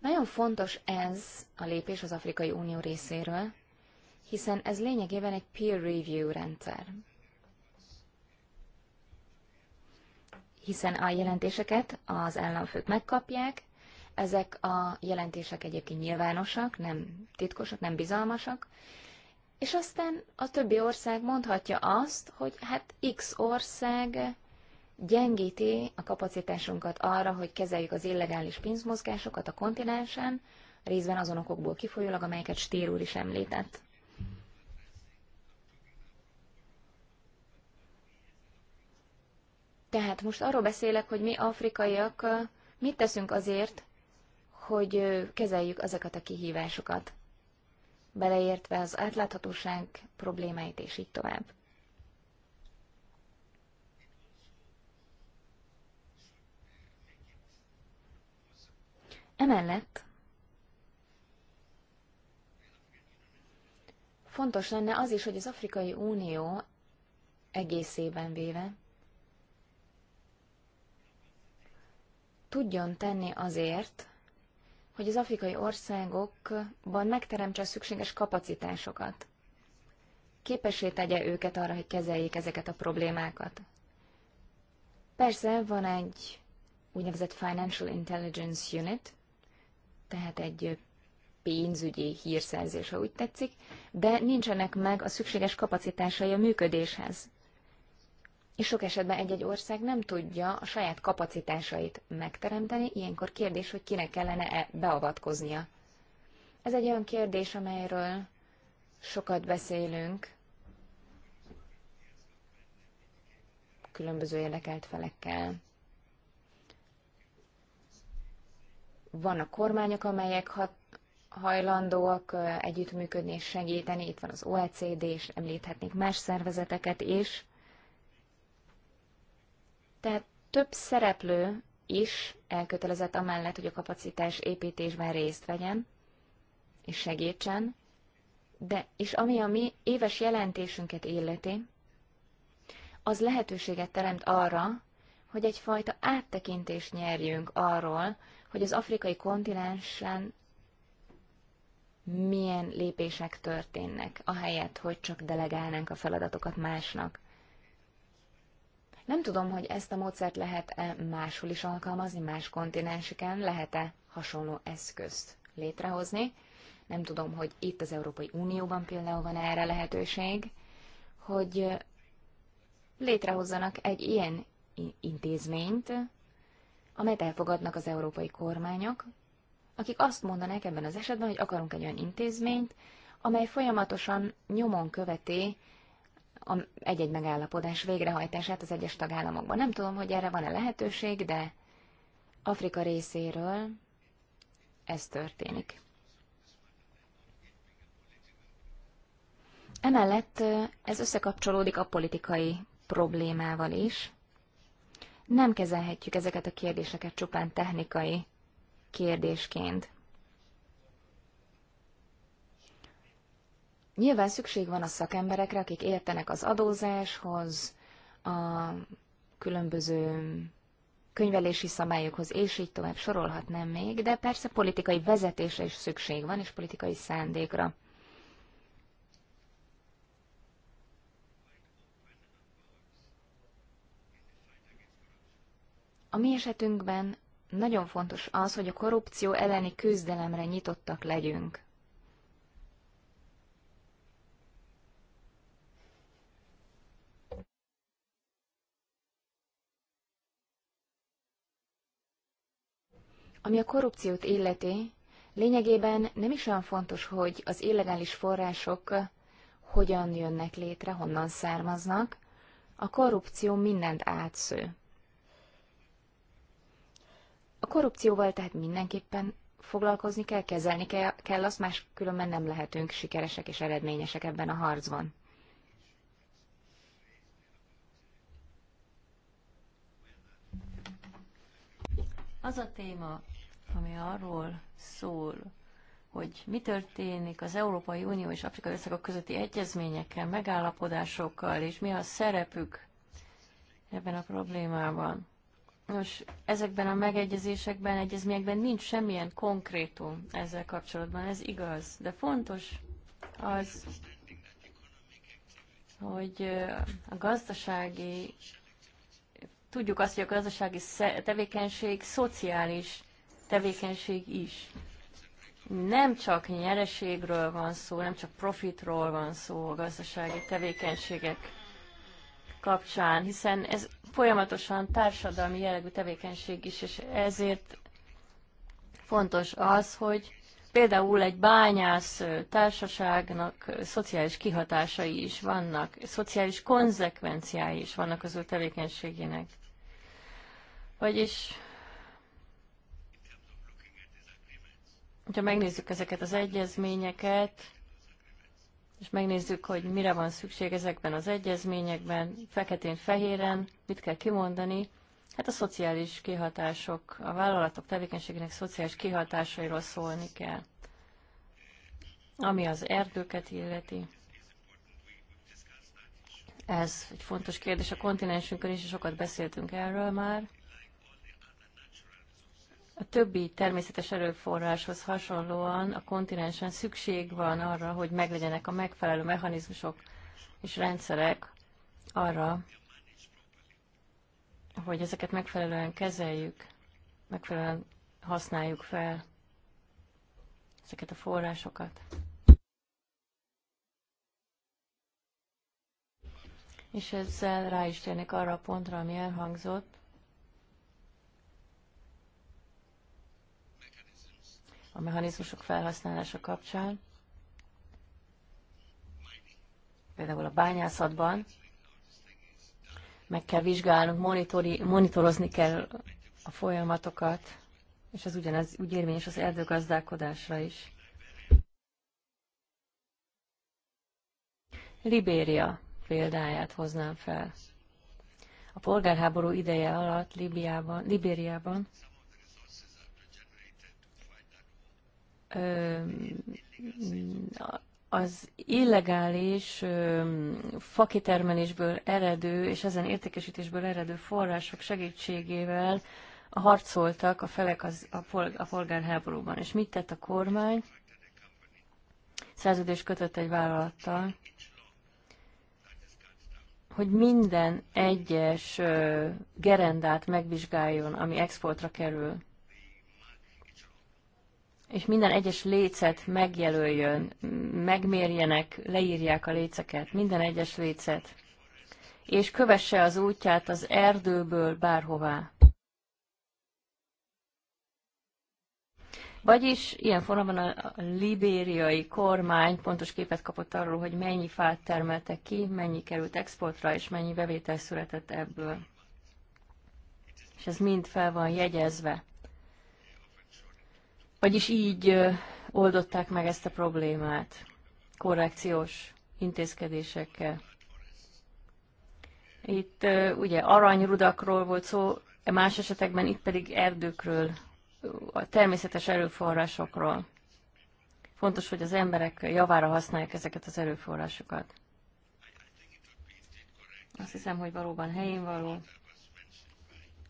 Nagyon fontos ez a lépés az Afrikai Unió részéről, hiszen ez lényegében egy peer review rendszer. Hiszen a jelentéseket az államfők megkapják, ezek a jelentések egyébként nyilvánosak, nem titkosak, nem bizalmasak, és aztán a többi ország mondhatja azt, hogy hát X ország gyengíti a kapacitásunkat arra, hogy kezeljük az illegális pénzmozgásokat a kontinensen, részben azon okokból kifolyólag, amelyeket Stér úr is említett. Tehát most arról beszélek, hogy mi afrikaiak mit teszünk azért, hogy kezeljük ezeket a kihívásokat, beleértve az átláthatóság problémáit és így tovább. Emellett fontos lenne az is, hogy az Afrikai Unió egészében véve tudjon tenni azért, hogy az afrikai országokban megteremtse a szükséges kapacitásokat. Képessé tegye őket arra, hogy kezeljék ezeket a problémákat. Persze van egy úgynevezett Financial Intelligence Unit, tehát egy pénzügyi hírszerzés, ha úgy tetszik, de nincsenek meg a szükséges kapacitásai a működéshez. És sok esetben egy-egy ország nem tudja a saját kapacitásait megteremteni, ilyenkor kérdés, hogy kinek kellene -e beavatkoznia. Ez egy olyan kérdés, amelyről sokat beszélünk különböző érdekelt felekkel. Vannak kormányok, amelyek hat, hajlandóak együttműködni és segíteni, itt van az OECD, és említhetnénk más szervezeteket is. Tehát több szereplő is elkötelezett amellett, hogy a kapacitás építésben részt vegyen és segítsen, de és ami a mi éves jelentésünket illeti, az lehetőséget teremt arra, hogy egyfajta áttekintést nyerjünk arról, hogy az afrikai kontinensen milyen lépések történnek, ahelyett, hogy csak delegálnánk a feladatokat másnak. Nem tudom, hogy ezt a módszert lehet-e máshol is alkalmazni, más kontinenseken lehet-e hasonló eszközt létrehozni. Nem tudom, hogy itt az Európai Unióban például van erre lehetőség, hogy létrehozzanak egy ilyen intézményt, amelyet elfogadnak az európai kormányok, akik azt mondanák ebben az esetben, hogy akarunk egy olyan intézményt, amely folyamatosan nyomon követi egy-egy megállapodás végrehajtását az egyes tagállamokban. Nem tudom, hogy erre van-e lehetőség, de Afrika részéről ez történik. Emellett ez összekapcsolódik a politikai problémával is, nem kezelhetjük ezeket a kérdéseket csupán technikai kérdésként. Nyilván szükség van a szakemberekre, akik értenek az adózáshoz, a különböző könyvelési szabályokhoz, és így tovább sorolhatnám még, de persze politikai vezetésre is szükség van, és politikai szándékra. A mi esetünkben nagyon fontos az, hogy a korrupció elleni küzdelemre nyitottak legyünk. Ami a korrupciót illeti, lényegében nem is olyan fontos, hogy az illegális források hogyan jönnek létre, honnan származnak. A korrupció mindent átsző. A korrupcióval tehát mindenképpen foglalkozni kell, kezelni kell, kell azt, máskülönben nem lehetünk sikeresek és eredményesek ebben a harcban. Az a téma, ami arról szól, hogy mi történik az Európai Unió és Afrikai Országok közötti egyezményekkel, megállapodásokkal, és mi a szerepük ebben a problémában. Nos, ezekben a megegyezésekben, egyezményekben nincs semmilyen konkrétum ezzel kapcsolatban, ez igaz. De fontos az, hogy a gazdasági, tudjuk azt, hogy a gazdasági tevékenység szociális tevékenység is. Nem csak nyereségről van szó, nem csak profitról van szó a gazdasági tevékenységek kapcsán, hiszen ez folyamatosan társadalmi jellegű tevékenység is, és ezért fontos az, hogy például egy bányász társaságnak szociális kihatásai is vannak, szociális konzekvenciái is vannak az ő tevékenységének. Vagyis, hogyha megnézzük ezeket az egyezményeket, és megnézzük, hogy mire van szükség ezekben az egyezményekben, feketén-fehéren, mit kell kimondani. Hát a szociális kihatások, a vállalatok tevékenységének szociális kihatásairól szólni kell, ami az erdőket illeti. Ez egy fontos kérdés a kontinensünkön is, és sokat beszéltünk erről már. A többi természetes erőforráshoz hasonlóan a kontinensen szükség van arra, hogy meglegyenek a megfelelő mechanizmusok és rendszerek arra, hogy ezeket megfelelően kezeljük, megfelelően használjuk fel ezeket a forrásokat. És ezzel rá is térnék arra a pontra, ami elhangzott, a mechanizmusok felhasználása kapcsán, például a bányászatban, meg kell vizsgálnunk, monitori, monitorozni kell a folyamatokat, és ez ugyanez úgy érvényes az erdőgazdálkodásra is. Libéria példáját hoznám fel. A polgárháború ideje alatt Libiában, Libériában az illegális fakitermelésből eredő és ezen értékesítésből eredő források segítségével harcoltak a felek az, a, pol, a polgárháborúban. És mit tett a kormány? Szerződés kötött egy vállalattal, hogy minden egyes gerendát megvizsgáljon, ami exportra kerül és minden egyes lécet megjelöljön, megmérjenek, leírják a léceket, minden egyes lécet, és kövesse az útját az erdőből bárhová. Vagyis ilyen formában a libériai kormány pontos képet kapott arról, hogy mennyi fát termeltek ki, mennyi került exportra, és mennyi bevétel született ebből. És ez mind fel van jegyezve. Vagyis így oldották meg ezt a problémát korrekciós intézkedésekkel. Itt ugye aranyrudakról volt szó, más esetekben itt pedig erdőkről, a természetes erőforrásokról. Fontos, hogy az emberek javára használják ezeket az erőforrásokat. Azt hiszem, hogy valóban helyén való,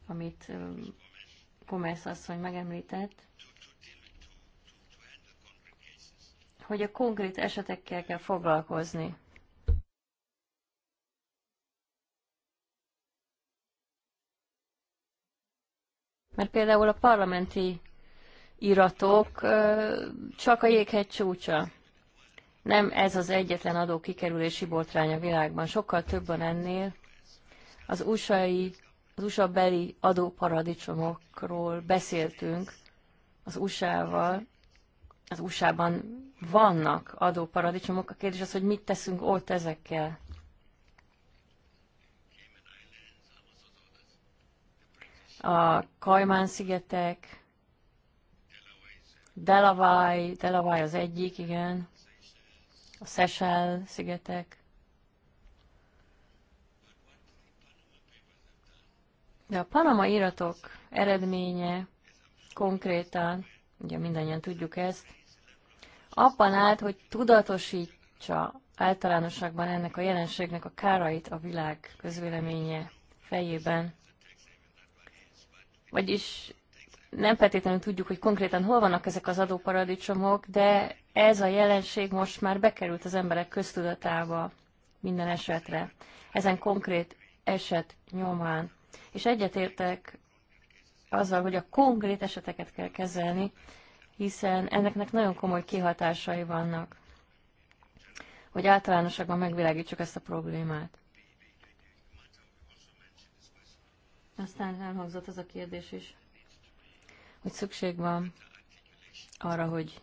amit Komersz asszony megemlített. hogy a konkrét esetekkel kell foglalkozni. Mert például a parlamenti iratok csak a jéghegy csúcsa. Nem ez az egyetlen adó kikerülési botrány a világban, sokkal több van ennél. Az usa az USA beli adóparadicsomokról beszéltünk az USA-val, az USA-ban vannak adóparadicsomok, a kérdés az, hogy mit teszünk ott ezekkel. A Kajmán-szigetek, Delaware, Delaware az egyik, igen, a Seychelles-szigetek, De a panama iratok eredménye konkrétan, ugye mindannyian tudjuk ezt, abban állt, hogy tudatosítsa általánosságban ennek a jelenségnek a kárait a világ közvéleménye fejében. Vagyis nem feltétlenül tudjuk, hogy konkrétan hol vannak ezek az adóparadicsomok, de ez a jelenség most már bekerült az emberek köztudatába minden esetre. Ezen konkrét eset nyomán. És egyetértek azzal, hogy a konkrét eseteket kell kezelni, hiszen ennek nagyon komoly kihatásai vannak, hogy általánosakban megvilágítsuk ezt a problémát. Aztán elhangzott az a kérdés is, hogy szükség van arra, hogy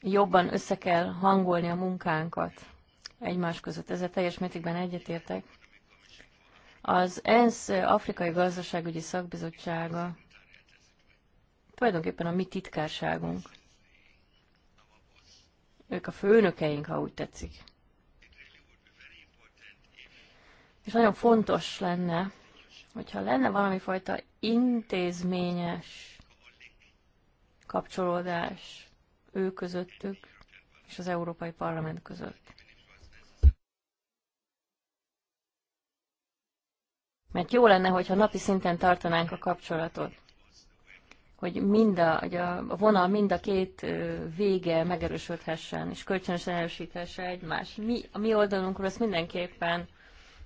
jobban össze kell hangolni a munkánkat egymás között. Ezzel teljes mértékben egyetértek. Az ENSZ Afrikai Gazdaságügyi Szakbizottsága tulajdonképpen a mi titkárságunk. Ők a főnökeink, ha úgy tetszik. És nagyon fontos lenne, hogyha lenne valami fajta intézményes kapcsolódás ő közöttük és az Európai Parlament között. Mert jó lenne, hogyha napi szinten tartanánk a kapcsolatot hogy mind a, hogy a vonal mind a két vége megerősödhessen, és kölcsönösen erősíthesse egymást. Mi, a mi oldalunkról ezt mindenképpen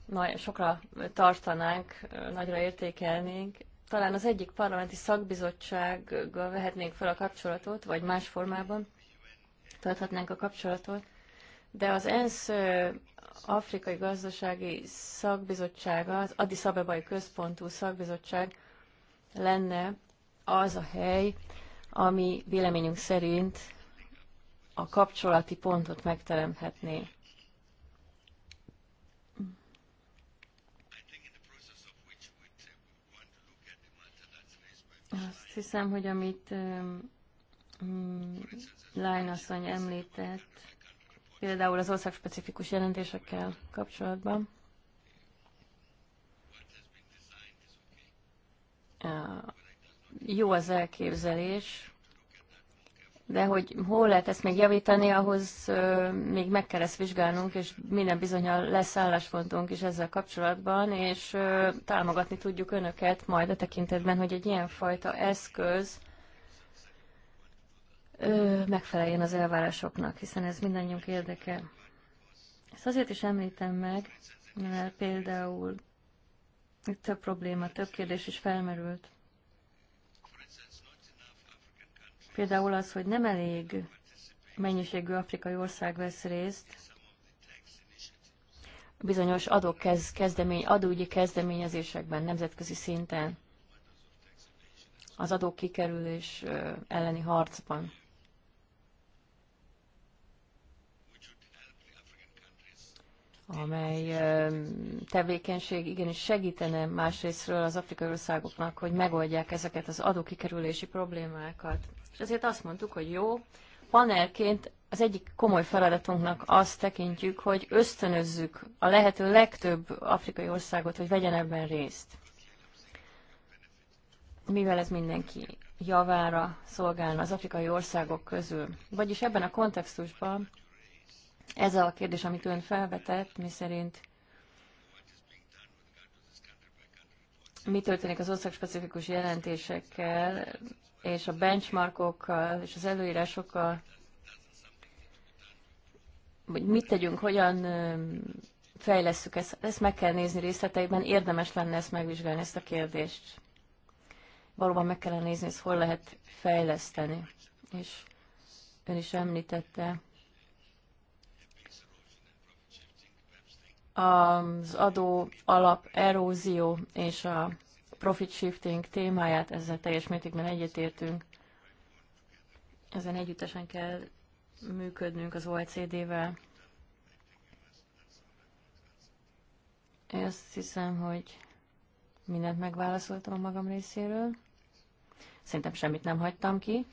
nagy, sokra tartanánk, nagyra értékelnénk. Talán az egyik parlamenti szakbizottsággal vehetnénk fel a kapcsolatot, vagy más formában tarthatnánk a kapcsolatot, de az ENSZ Afrikai Gazdasági Szakbizottsága, az Addis Abebai Központú Szakbizottság lenne az a hely, ami véleményünk szerint a kapcsolati pontot megteremthetné. Azt hiszem, hogy amit um, um Lájnasszony említett, például az országspecifikus jelentésekkel kapcsolatban, jó az elképzelés, de hogy hol lehet ezt még javítani, ahhoz még meg kell ezt vizsgálnunk, és minden bizonyal lesz álláspontunk is ezzel kapcsolatban, és támogatni tudjuk önöket majd a tekintetben, hogy egy ilyenfajta eszköz megfeleljen az elvárásoknak, hiszen ez mindannyiunk érdeke. Ezt azért is említem meg, mert például itt több probléma, több kérdés is felmerült. Például az, hogy nem elég mennyiségű afrikai ország vesz részt bizonyos adók kezdemény, adóügyi kezdeményezésekben nemzetközi szinten az adókikerülés elleni harcban. amely tevékenység igenis segítene másrésztről az afrikai országoknak, hogy megoldják ezeket az adókikerülési problémákat. És azért azt mondtuk, hogy jó, panelként az egyik komoly feladatunknak azt tekintjük, hogy ösztönözzük a lehető legtöbb afrikai országot, hogy vegyen ebben részt. Mivel ez mindenki javára szolgálna az afrikai országok közül. Vagyis ebben a kontextusban ez a kérdés, amit ön felvetett, mi szerint mi történik az országspecifikus jelentésekkel, és a benchmarkokkal és az előírásokkal, hogy mit tegyünk, hogyan fejlesszük ezt, ezt meg kell nézni részleteiben, érdemes lenne ezt megvizsgálni, ezt a kérdést. Valóban meg kellene nézni, ezt hol lehet fejleszteni. És ön is említette az adó alap erózió és a profit shifting témáját, ezzel teljes mértékben egyetértünk. Ezen együttesen kell működnünk az OECD-vel. Én azt hiszem, hogy mindent megválaszoltam a magam részéről. Szerintem semmit nem hagytam ki.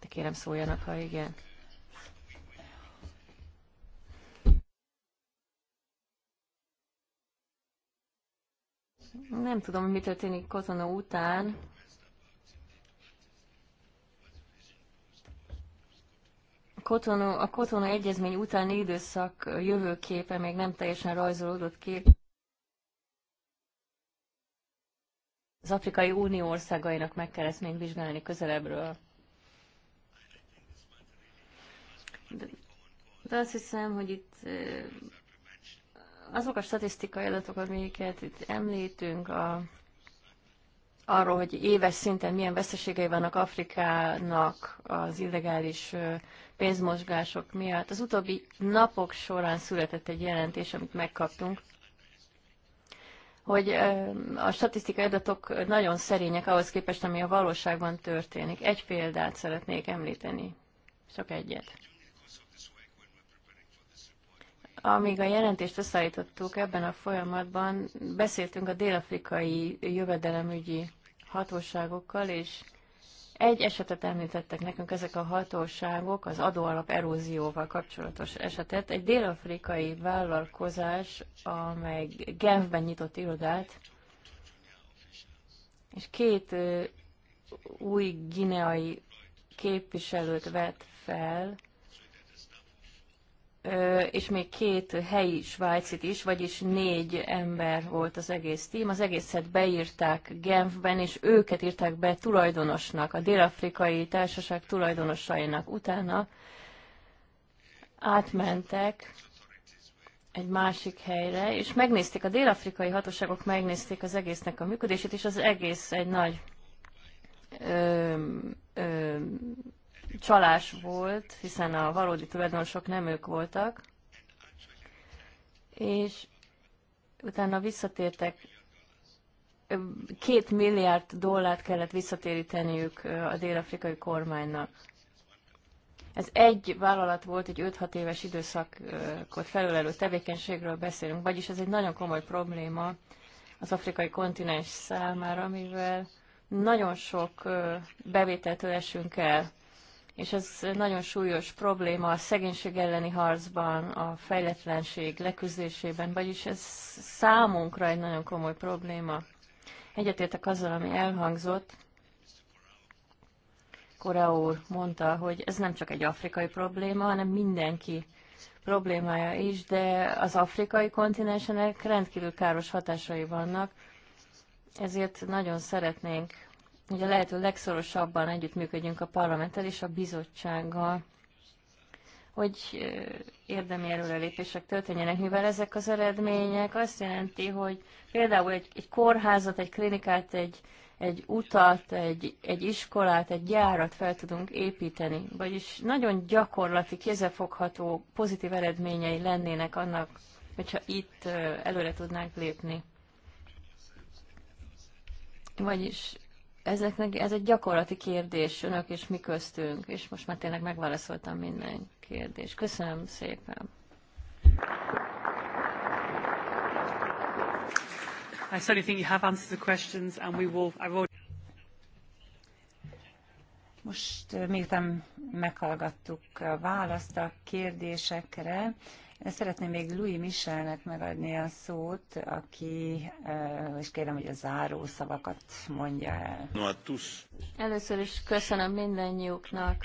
De kérem szóljanak, ha igen. Nem tudom, mi történik Kozono után. Kotonó, a Kotonó egyezmény utáni időszak jövőképe még nem teljesen rajzolódott ki. Az Afrikai Unió országainak meg kell ezt még vizsgálni közelebbről. De, de azt hiszem, hogy itt eh, azok a statisztikai adatok, amiket itt említünk, a, arról, hogy éves szinten milyen veszteségei vannak Afrikának az illegális pénzmozgások miatt. Az utóbbi napok során született egy jelentés, amit megkaptunk, hogy a statisztikai adatok nagyon szerények ahhoz képest, ami a valóságban történik. Egy példát szeretnék említeni, csak egyet. Amíg a jelentést összeállítottuk ebben a folyamatban, beszéltünk a délafrikai jövedelemügyi hatóságokkal, és egy esetet említettek nekünk ezek a hatóságok, az adóalap erózióval kapcsolatos esetet. Egy dél-afrikai vállalkozás, amely Genfben nyitott irodát, és két új gineai képviselőt vett fel, és még két helyi svájcit is, vagyis négy ember volt az egész tím. Az egészet beírták Genfben, és őket írták be tulajdonosnak, a dél-afrikai társaság tulajdonosainak. Utána átmentek egy másik helyre, és megnézték, a dél-afrikai hatóságok megnézték az egésznek a működését, és az egész egy nagy ö, ö, csalás volt, hiszen a valódi tulajdonosok nem ők voltak, és utána visszatértek, két milliárd dollárt kellett visszatéríteniük a dél-afrikai kormánynak. Ez egy vállalat volt, egy 5-6 éves időszakot felülelő tevékenységről beszélünk, vagyis ez egy nagyon komoly probléma az afrikai kontinens számára, amivel nagyon sok bevételtől esünk el és ez nagyon súlyos probléma a szegénység elleni harcban, a fejletlenség leküzdésében, vagyis ez számunkra egy nagyon komoly probléma. Egyetértek azzal, ami elhangzott. Kora úr mondta, hogy ez nem csak egy afrikai probléma, hanem mindenki problémája is, de az afrikai kontinensenek rendkívül káros hatásai vannak, ezért nagyon szeretnénk hogy a lehető legszorosabban együttműködjünk a parlamenttel és a bizottsággal, hogy érdemi előrelépések történjenek, mivel ezek az eredmények azt jelenti, hogy például egy, egy kórházat, egy klinikát, egy, egy utat, egy, egy iskolát, egy gyárat fel tudunk építeni. Vagyis nagyon gyakorlati, kézefogható, pozitív eredményei lennének annak, hogyha itt előre tudnánk lépni. Vagyis ezeknek, ez egy gyakorlati kérdés önök és mi köztünk, és most már tényleg megválaszoltam minden kérdést. Köszönöm szépen. I certainly think you have answered the questions and we will, I will... Most eh, miután meghallgattuk a választ a kérdésekre, Szeretném még Louis Michelnek megadni a szót, aki, és kérem, hogy a záró szavakat mondja el. Először is köszönöm mindennyiuknak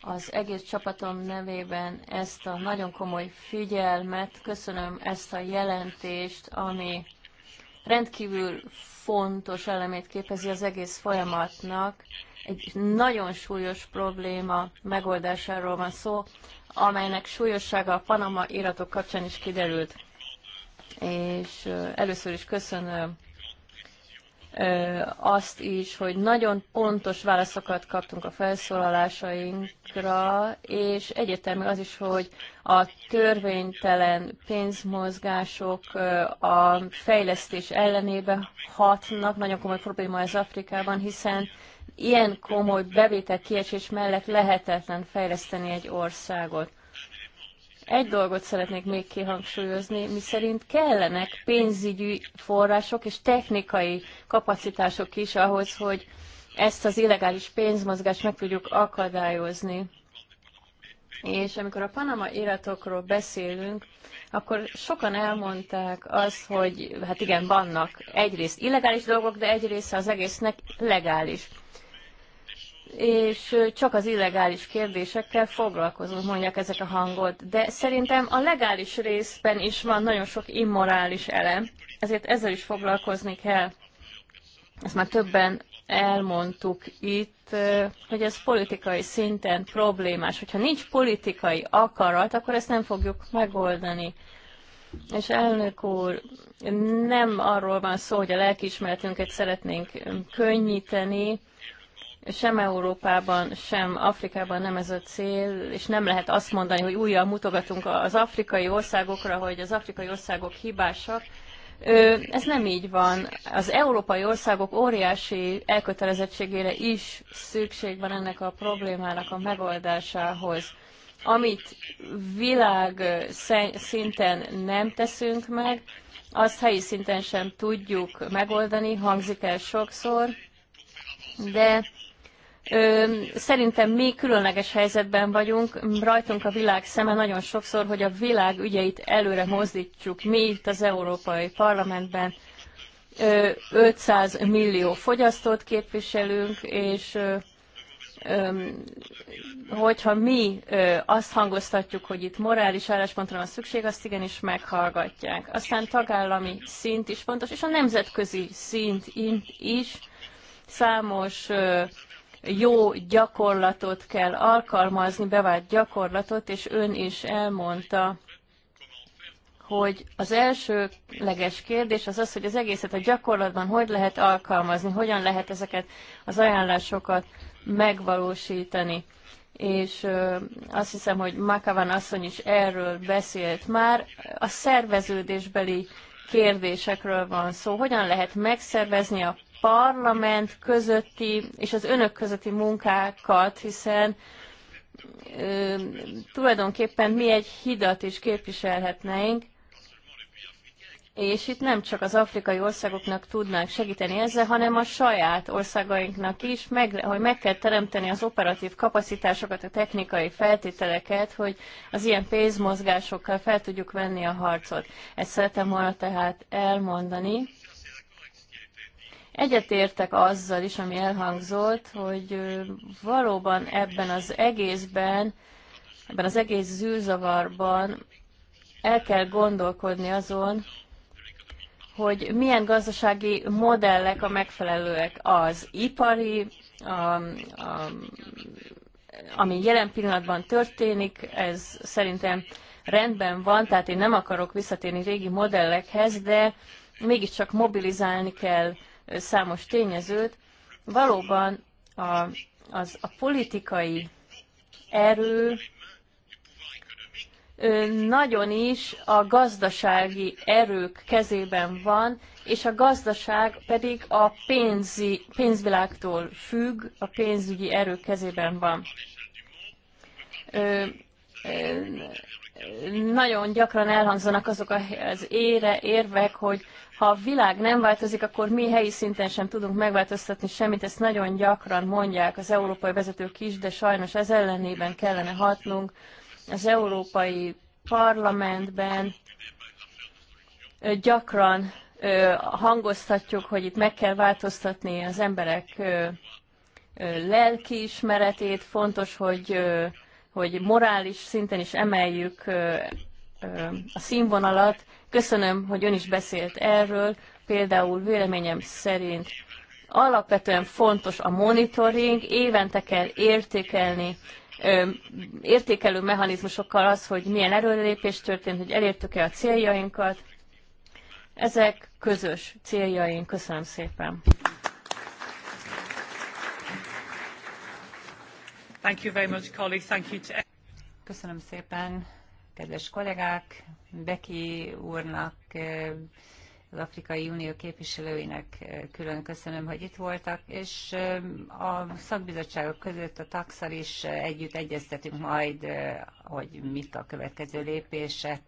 az egész csapatom nevében ezt a nagyon komoly figyelmet, köszönöm ezt a jelentést, ami rendkívül fontos elemét képezi az egész folyamatnak. Egy nagyon súlyos probléma megoldásáról van szó, amelynek súlyossága a Panama iratok kapcsán is kiderült. És először is köszönöm azt is, hogy nagyon pontos válaszokat kaptunk a felszólalásainkra, és egyértelmű az is, hogy a törvénytelen pénzmozgások a fejlesztés ellenébe hatnak. Nagyon komoly probléma ez Afrikában, hiszen ilyen komoly bevétel kiesés mellett lehetetlen fejleszteni egy országot. Egy dolgot szeretnék még kihangsúlyozni, miszerint kellenek pénzügyi források és technikai kapacitások is ahhoz, hogy ezt az illegális pénzmozgást meg tudjuk akadályozni. És amikor a Panama iratokról beszélünk, akkor sokan elmondták azt, hogy hát igen, vannak egyrészt illegális dolgok, de egyrészt az egésznek legális és csak az illegális kérdésekkel foglalkozunk, mondják ezek a hangot. De szerintem a legális részben is van nagyon sok immorális elem, ezért ezzel is foglalkozni kell. Ezt már többen elmondtuk itt, hogy ez politikai szinten problémás. Hogyha nincs politikai akarat, akkor ezt nem fogjuk megoldani. És elnök úr, nem arról van szó, hogy a lelkiismeretünket szeretnénk könnyíteni, sem Európában, sem Afrikában nem ez a cél, és nem lehet azt mondani, hogy újra mutogatunk az afrikai országokra, hogy az afrikai országok hibásak. Ez nem így van. Az európai országok óriási elkötelezettségére is szükség van ennek a problémának a megoldásához. Amit világ szinten nem teszünk meg, azt helyi szinten sem tudjuk megoldani, hangzik el sokszor, de Szerintem mi különleges helyzetben vagyunk, rajtunk a világ szeme nagyon sokszor, hogy a világ ügyeit előre mozdítjuk. mi itt az Európai Parlamentben. 500 millió fogyasztót képviselünk, és hogyha mi azt hangoztatjuk, hogy itt morális álláspontra van szükség, azt igenis meghallgatják. Aztán tagállami szint is fontos, és a nemzetközi szint is számos jó gyakorlatot kell alkalmazni, bevált gyakorlatot, és ön is elmondta, hogy az elsőleges kérdés az az, hogy az egészet a gyakorlatban hogy lehet alkalmazni, hogyan lehet ezeket az ajánlásokat megvalósítani. És azt hiszem, hogy Makavan asszony is erről beszélt már. A szerveződésbeli kérdésekről van szó. Hogyan lehet megszervezni a parlament közötti és az önök közötti munkákat, hiszen ö, tulajdonképpen mi egy hidat is képviselhetnénk, és itt nem csak az afrikai országoknak tudnánk segíteni ezzel, hanem a saját országainknak is, meg, hogy meg kell teremteni az operatív kapacitásokat, a technikai feltételeket, hogy az ilyen pénzmozgásokkal fel tudjuk venni a harcot. Ezt szeretem volna tehát elmondani. Egyetértek azzal is, ami elhangzott, hogy valóban ebben az egészben, ebben az egész zűrzavarban el kell gondolkodni azon, hogy milyen gazdasági modellek a megfelelőek. Az ipari, a, a, ami jelen pillanatban történik, ez szerintem rendben van, tehát én nem akarok visszatérni régi modellekhez, de mégiscsak mobilizálni kell számos tényezőt, valóban a, az, a politikai erő nagyon is a gazdasági erők kezében van, és a gazdaság pedig a pénzi, pénzvilágtól függ, a pénzügyi erők kezében van nagyon gyakran elhangzanak azok az ére, érvek, hogy ha a világ nem változik, akkor mi helyi szinten sem tudunk megváltoztatni semmit. Ezt nagyon gyakran mondják az európai vezetők is, de sajnos ez ellenében kellene hatnunk. Az európai parlamentben gyakran hangoztatjuk, hogy itt meg kell változtatni az emberek lelkiismeretét, fontos, hogy hogy morális szinten is emeljük a színvonalat. Köszönöm, hogy ön is beszélt erről. Például véleményem szerint alapvetően fontos a monitoring, évente kell értékelni, értékelő mechanizmusokkal az, hogy milyen erőlépés történt, hogy elértük-e a céljainkat. Ezek közös céljaink. Köszönöm szépen. E- köszönöm szépen, kedves kollégák, Beki úrnak, az Afrikai Unió képviselőinek külön köszönöm, hogy itt voltak, és a szakbizottságok között a taxal is együtt egyeztetünk majd, hogy mit a következő lépések.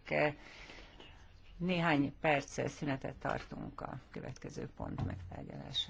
Néhány perc szünetet tartunk a következő pont megtárgyalására.